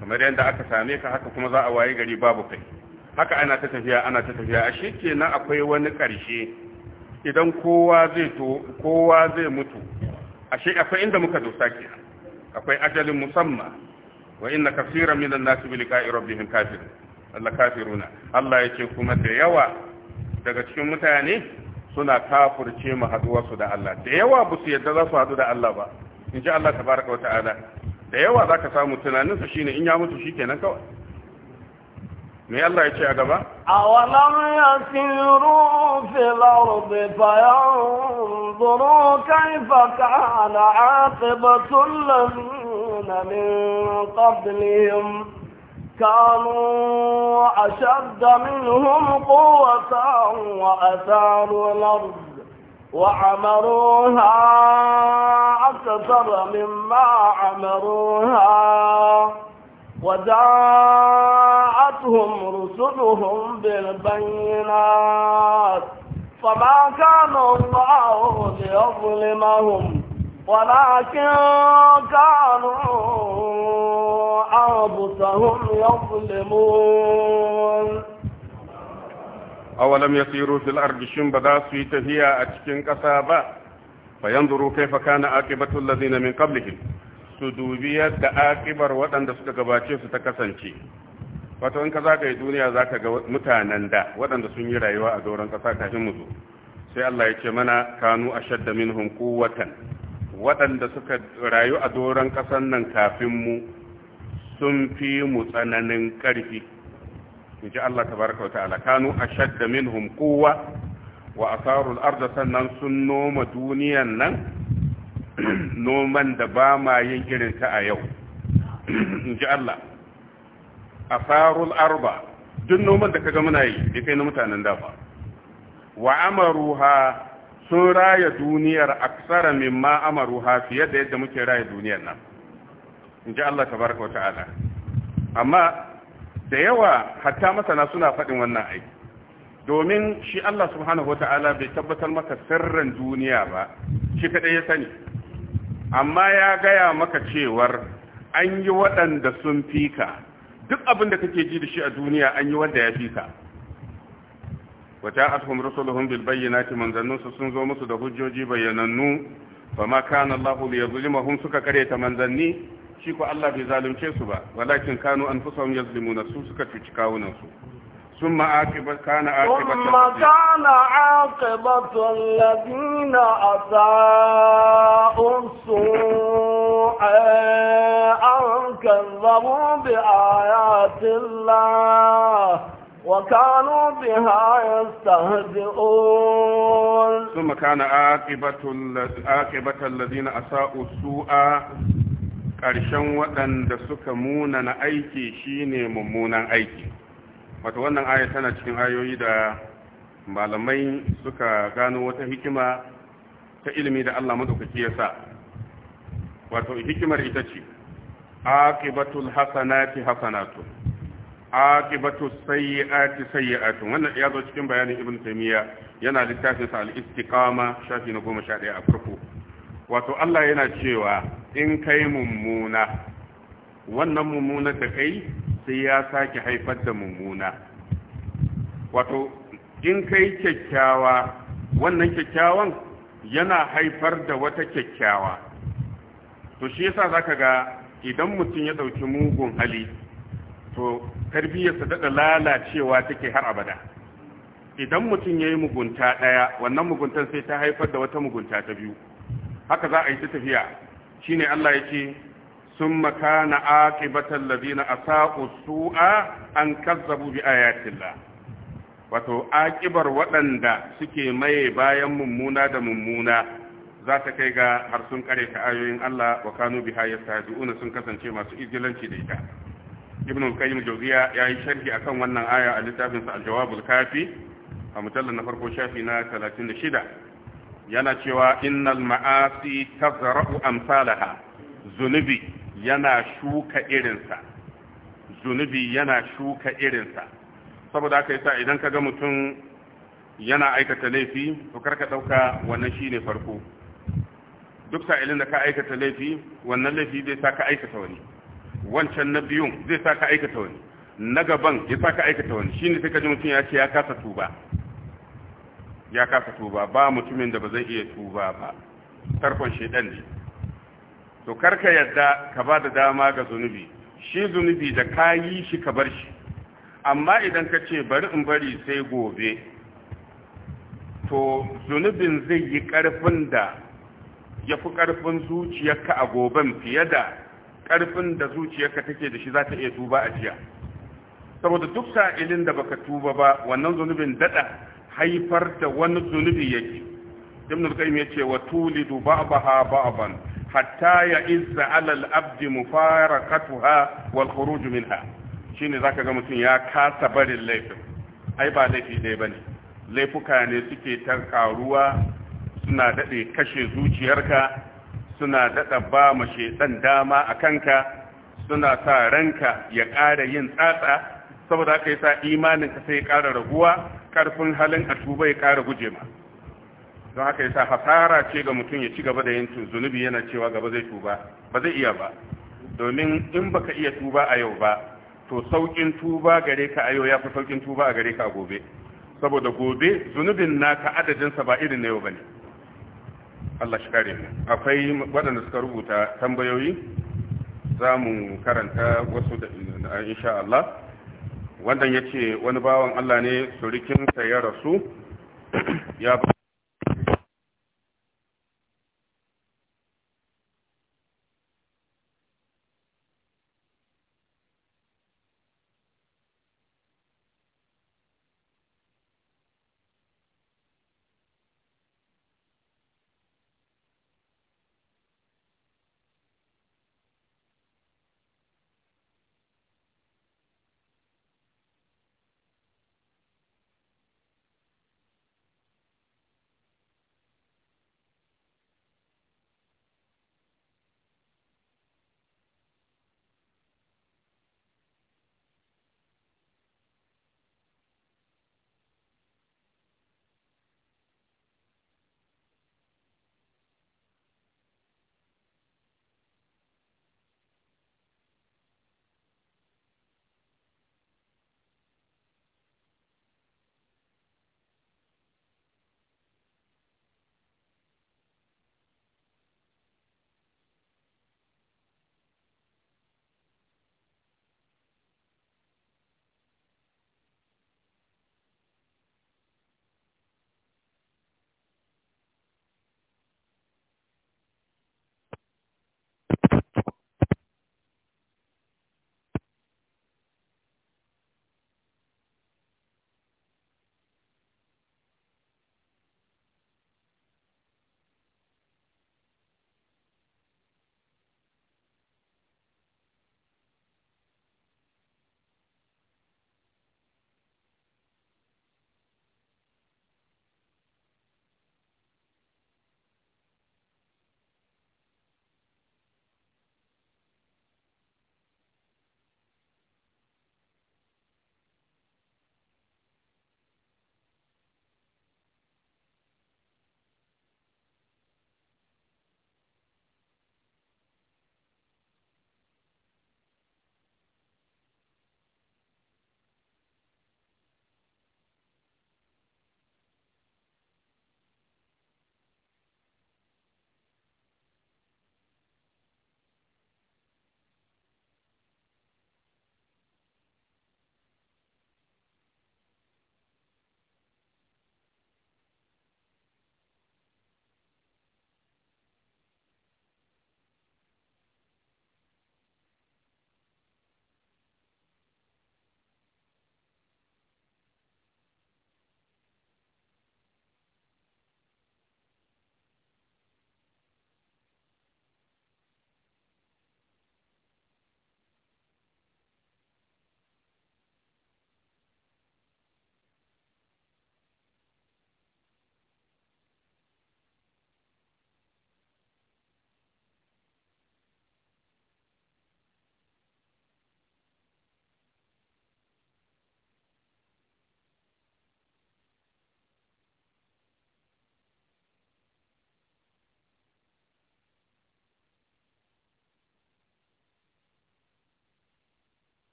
kamar yadda aka same ka haka kuma za a waye gari babu kai haka ana ta tafiya ana ta tafiya a na akwai wani ƙarshe idan kowa zai to kowa zai mutu ashe akwai inda muka dosa ke akwai ajalin musamman wa inna kaseeran minan nasu bi liqa'i rabbihim kafirun Allah kafiruna Allah yake kuma da yawa daga cikin mutane suna kafirce mu haduwar su da Allah da yawa ba su yadda za su hadu da Allah ba in ji Allah tabaraka wata'ala da yawa zaka samu tunanin shi shine in ya mutu shikenan kawai me Allah ya ce a gaba awalam yasiru fil ardi yanzuru kayfa kana aqibatu alladhina min qablihim كانوا أشد منهم قوة وأثاروا الأرض وعمروها أكثر مما عمروها وجاءتهم رسلهم بالبينات فما كان الله ليظلمهم ولكن كانوا وأنفسهم يظلمون أولم يسيروا في الأرض شنبدا بدا في تهيا أتشكن كسابا فينظروا كيف كان عاقبة الذين من قبلهم سدوبية عاقبة وطن دسك قباتي ستكسنشي wato in ka zaka yi duniya zaka ga mutanen da waɗanda sun yi rayuwa a doron ƙasa kafin mu zo sai Allah ya ce mana kanu ashadda minhum quwwatan waɗanda suka rayu a doron ƙasan nan kafin mu sun fi mu tsananin ƙarfi in ji Allah tabaraka wa ta'ala kanu ashadda min quwwa wa a asarul arda sannan sun noma duniyan nan noman da ba ma yin irin ta a yau in ji Allah asarul arba duk noman da ka ga muna yi da kai na mutanen dafa wa amaruha sun raya duniyar aksara mimma amaruha fiye da yadda muke raya duniyar nan in ji Allah tabaraka wata'ala amma da yawa hatta masana suna faɗin wannan aiki domin shi Allah subhanahu wata'ala bai tabbatar maka sirrin duniya ba shi kadai ya sani amma ya gaya maka cewar an yi waɗanda sun fika duk abin da kake ji da shi a duniya an yi wanda ya fika ka وجاءتهم رسلهم بالبينات من ذنوس سنزو مسو ده حجوجي بيننو فما كان الله ليظلمهم سكا كريت من ذني shi ko Allah bai zalunce su ba walakin kanu anfusahum yazlimuna su suka cuci kawunan su ثم عاقبة كان عاقبة ثم كان عاقبة الذين أساءوا السوء أن كذبوا بآيات الله وكانوا بها يستهزئون ثم كان عاقبة الذين أساءوا السوء ƙarshen waɗanda suka muna na aiki shine mummunan aiki wato wannan aya tana cikin ayoyi da malamai suka gano wata hikima ta ilimi da Allah madaukaki ya sa wato hikimar ita ce aqibatul hasanati hasanatu aqibatus sayyiati sayyiatu wannan ya zo cikin bayanin ibn taymiya yana littafinsa sa al-istiqama shafi na ɗaya a farko wato Allah yana cewa in kai mummuna wannan mummuna da kai sai ya sake haifar da mummuna wato in kai kyakkyawa wannan kyakkyawan yana haifar da wata kyakkyawa to shi yasa zaka ga idan mutum ya ɗauki mugun hali to tarbiyyarsa daɗa lalacewa take har abada idan mutum ya yi mugunta ɗaya wannan muguntar sai ta haifar da wata mugunta ta biyu haka za a yi ta tafiya shine Allah yake summa kana aqibatal Labina a su'a an kazzabu bi ayatillah wato aqibar waɗanda suke maye bayan mummuna da mummuna za ta kai ga har sun kare ta ayoyin Allah wa kanu biha yastahzi'una sun kasance masu ijilanci da ita ibn al-qayyim jawziya yi sharhi akan wannan aya a littafin sa al kafi a mutallan na farko shafi na 36 yana cewa innal ma'asi tazra'u amsalaha zunubi yana shuka irinsa zunubi yana shuka irinsa saboda haka yasa idan ka ga mutum yana aikata laifi to karka dauka wannan shine farko duk sa'ilin da ka aikata laifi wannan laifi zai sa ka aikata wani wancan na biyun zai sa ka aikata wani na gaban ya sa ka aikata wani shine sai ka ji mutum ya ce ya kasa tuba ya kasa tuba ba mutumin da ba zai iya tuba ba tarkon shedan ne to karka yadda ka ba da dama ga zunubi shi zunubi da ka yi shi ka bar shi amma idan ka ce bari in bari sai gobe to zunubin zai yi ƙarfin da ya fi ƙarfin zuciyarka a goben fiye da ƙarfin da zuciyarka take da shi za ta iya tuba a jiya saboda duk sa'ilin da baka tuba ba wannan zunubin daɗa haifar da wani zunubi yake ibn al-qayyim yace wa tulidu ba'daha ba'dan hatta ya izza ala al-abd mufaraqatuha wal khuruj minha shine zaka ga mutum ya kasa barin laifin ai ba laifi ne bane laifuka ne suke tankaruwa suna dade kashe zuciyarka suna dada ba ma shedan dama a kanka suna sa ranka ya ƙara yin tsatsa saboda haka yasa ka sai ya ƙara raguwa karfin halin a tuba ya ƙara guje ma don haka yasa hasara ce ga mutum ya ci gaba da yin zunubi yana cewa gaba zai tuba ba zai iya ba domin in baka iya tuba a yau ba to saukin tuba gare ka a yau ya fi saukin tuba a gare ka a gobe saboda gobe zunubin naka adadinsa ba irin na yau bane Allah shi kare mu akwai waɗanda suka rubuta tambayoyi za mu karanta wasu da insha Allah wannan ya ce wani bawan Allah ne surikinsa ya rasu ya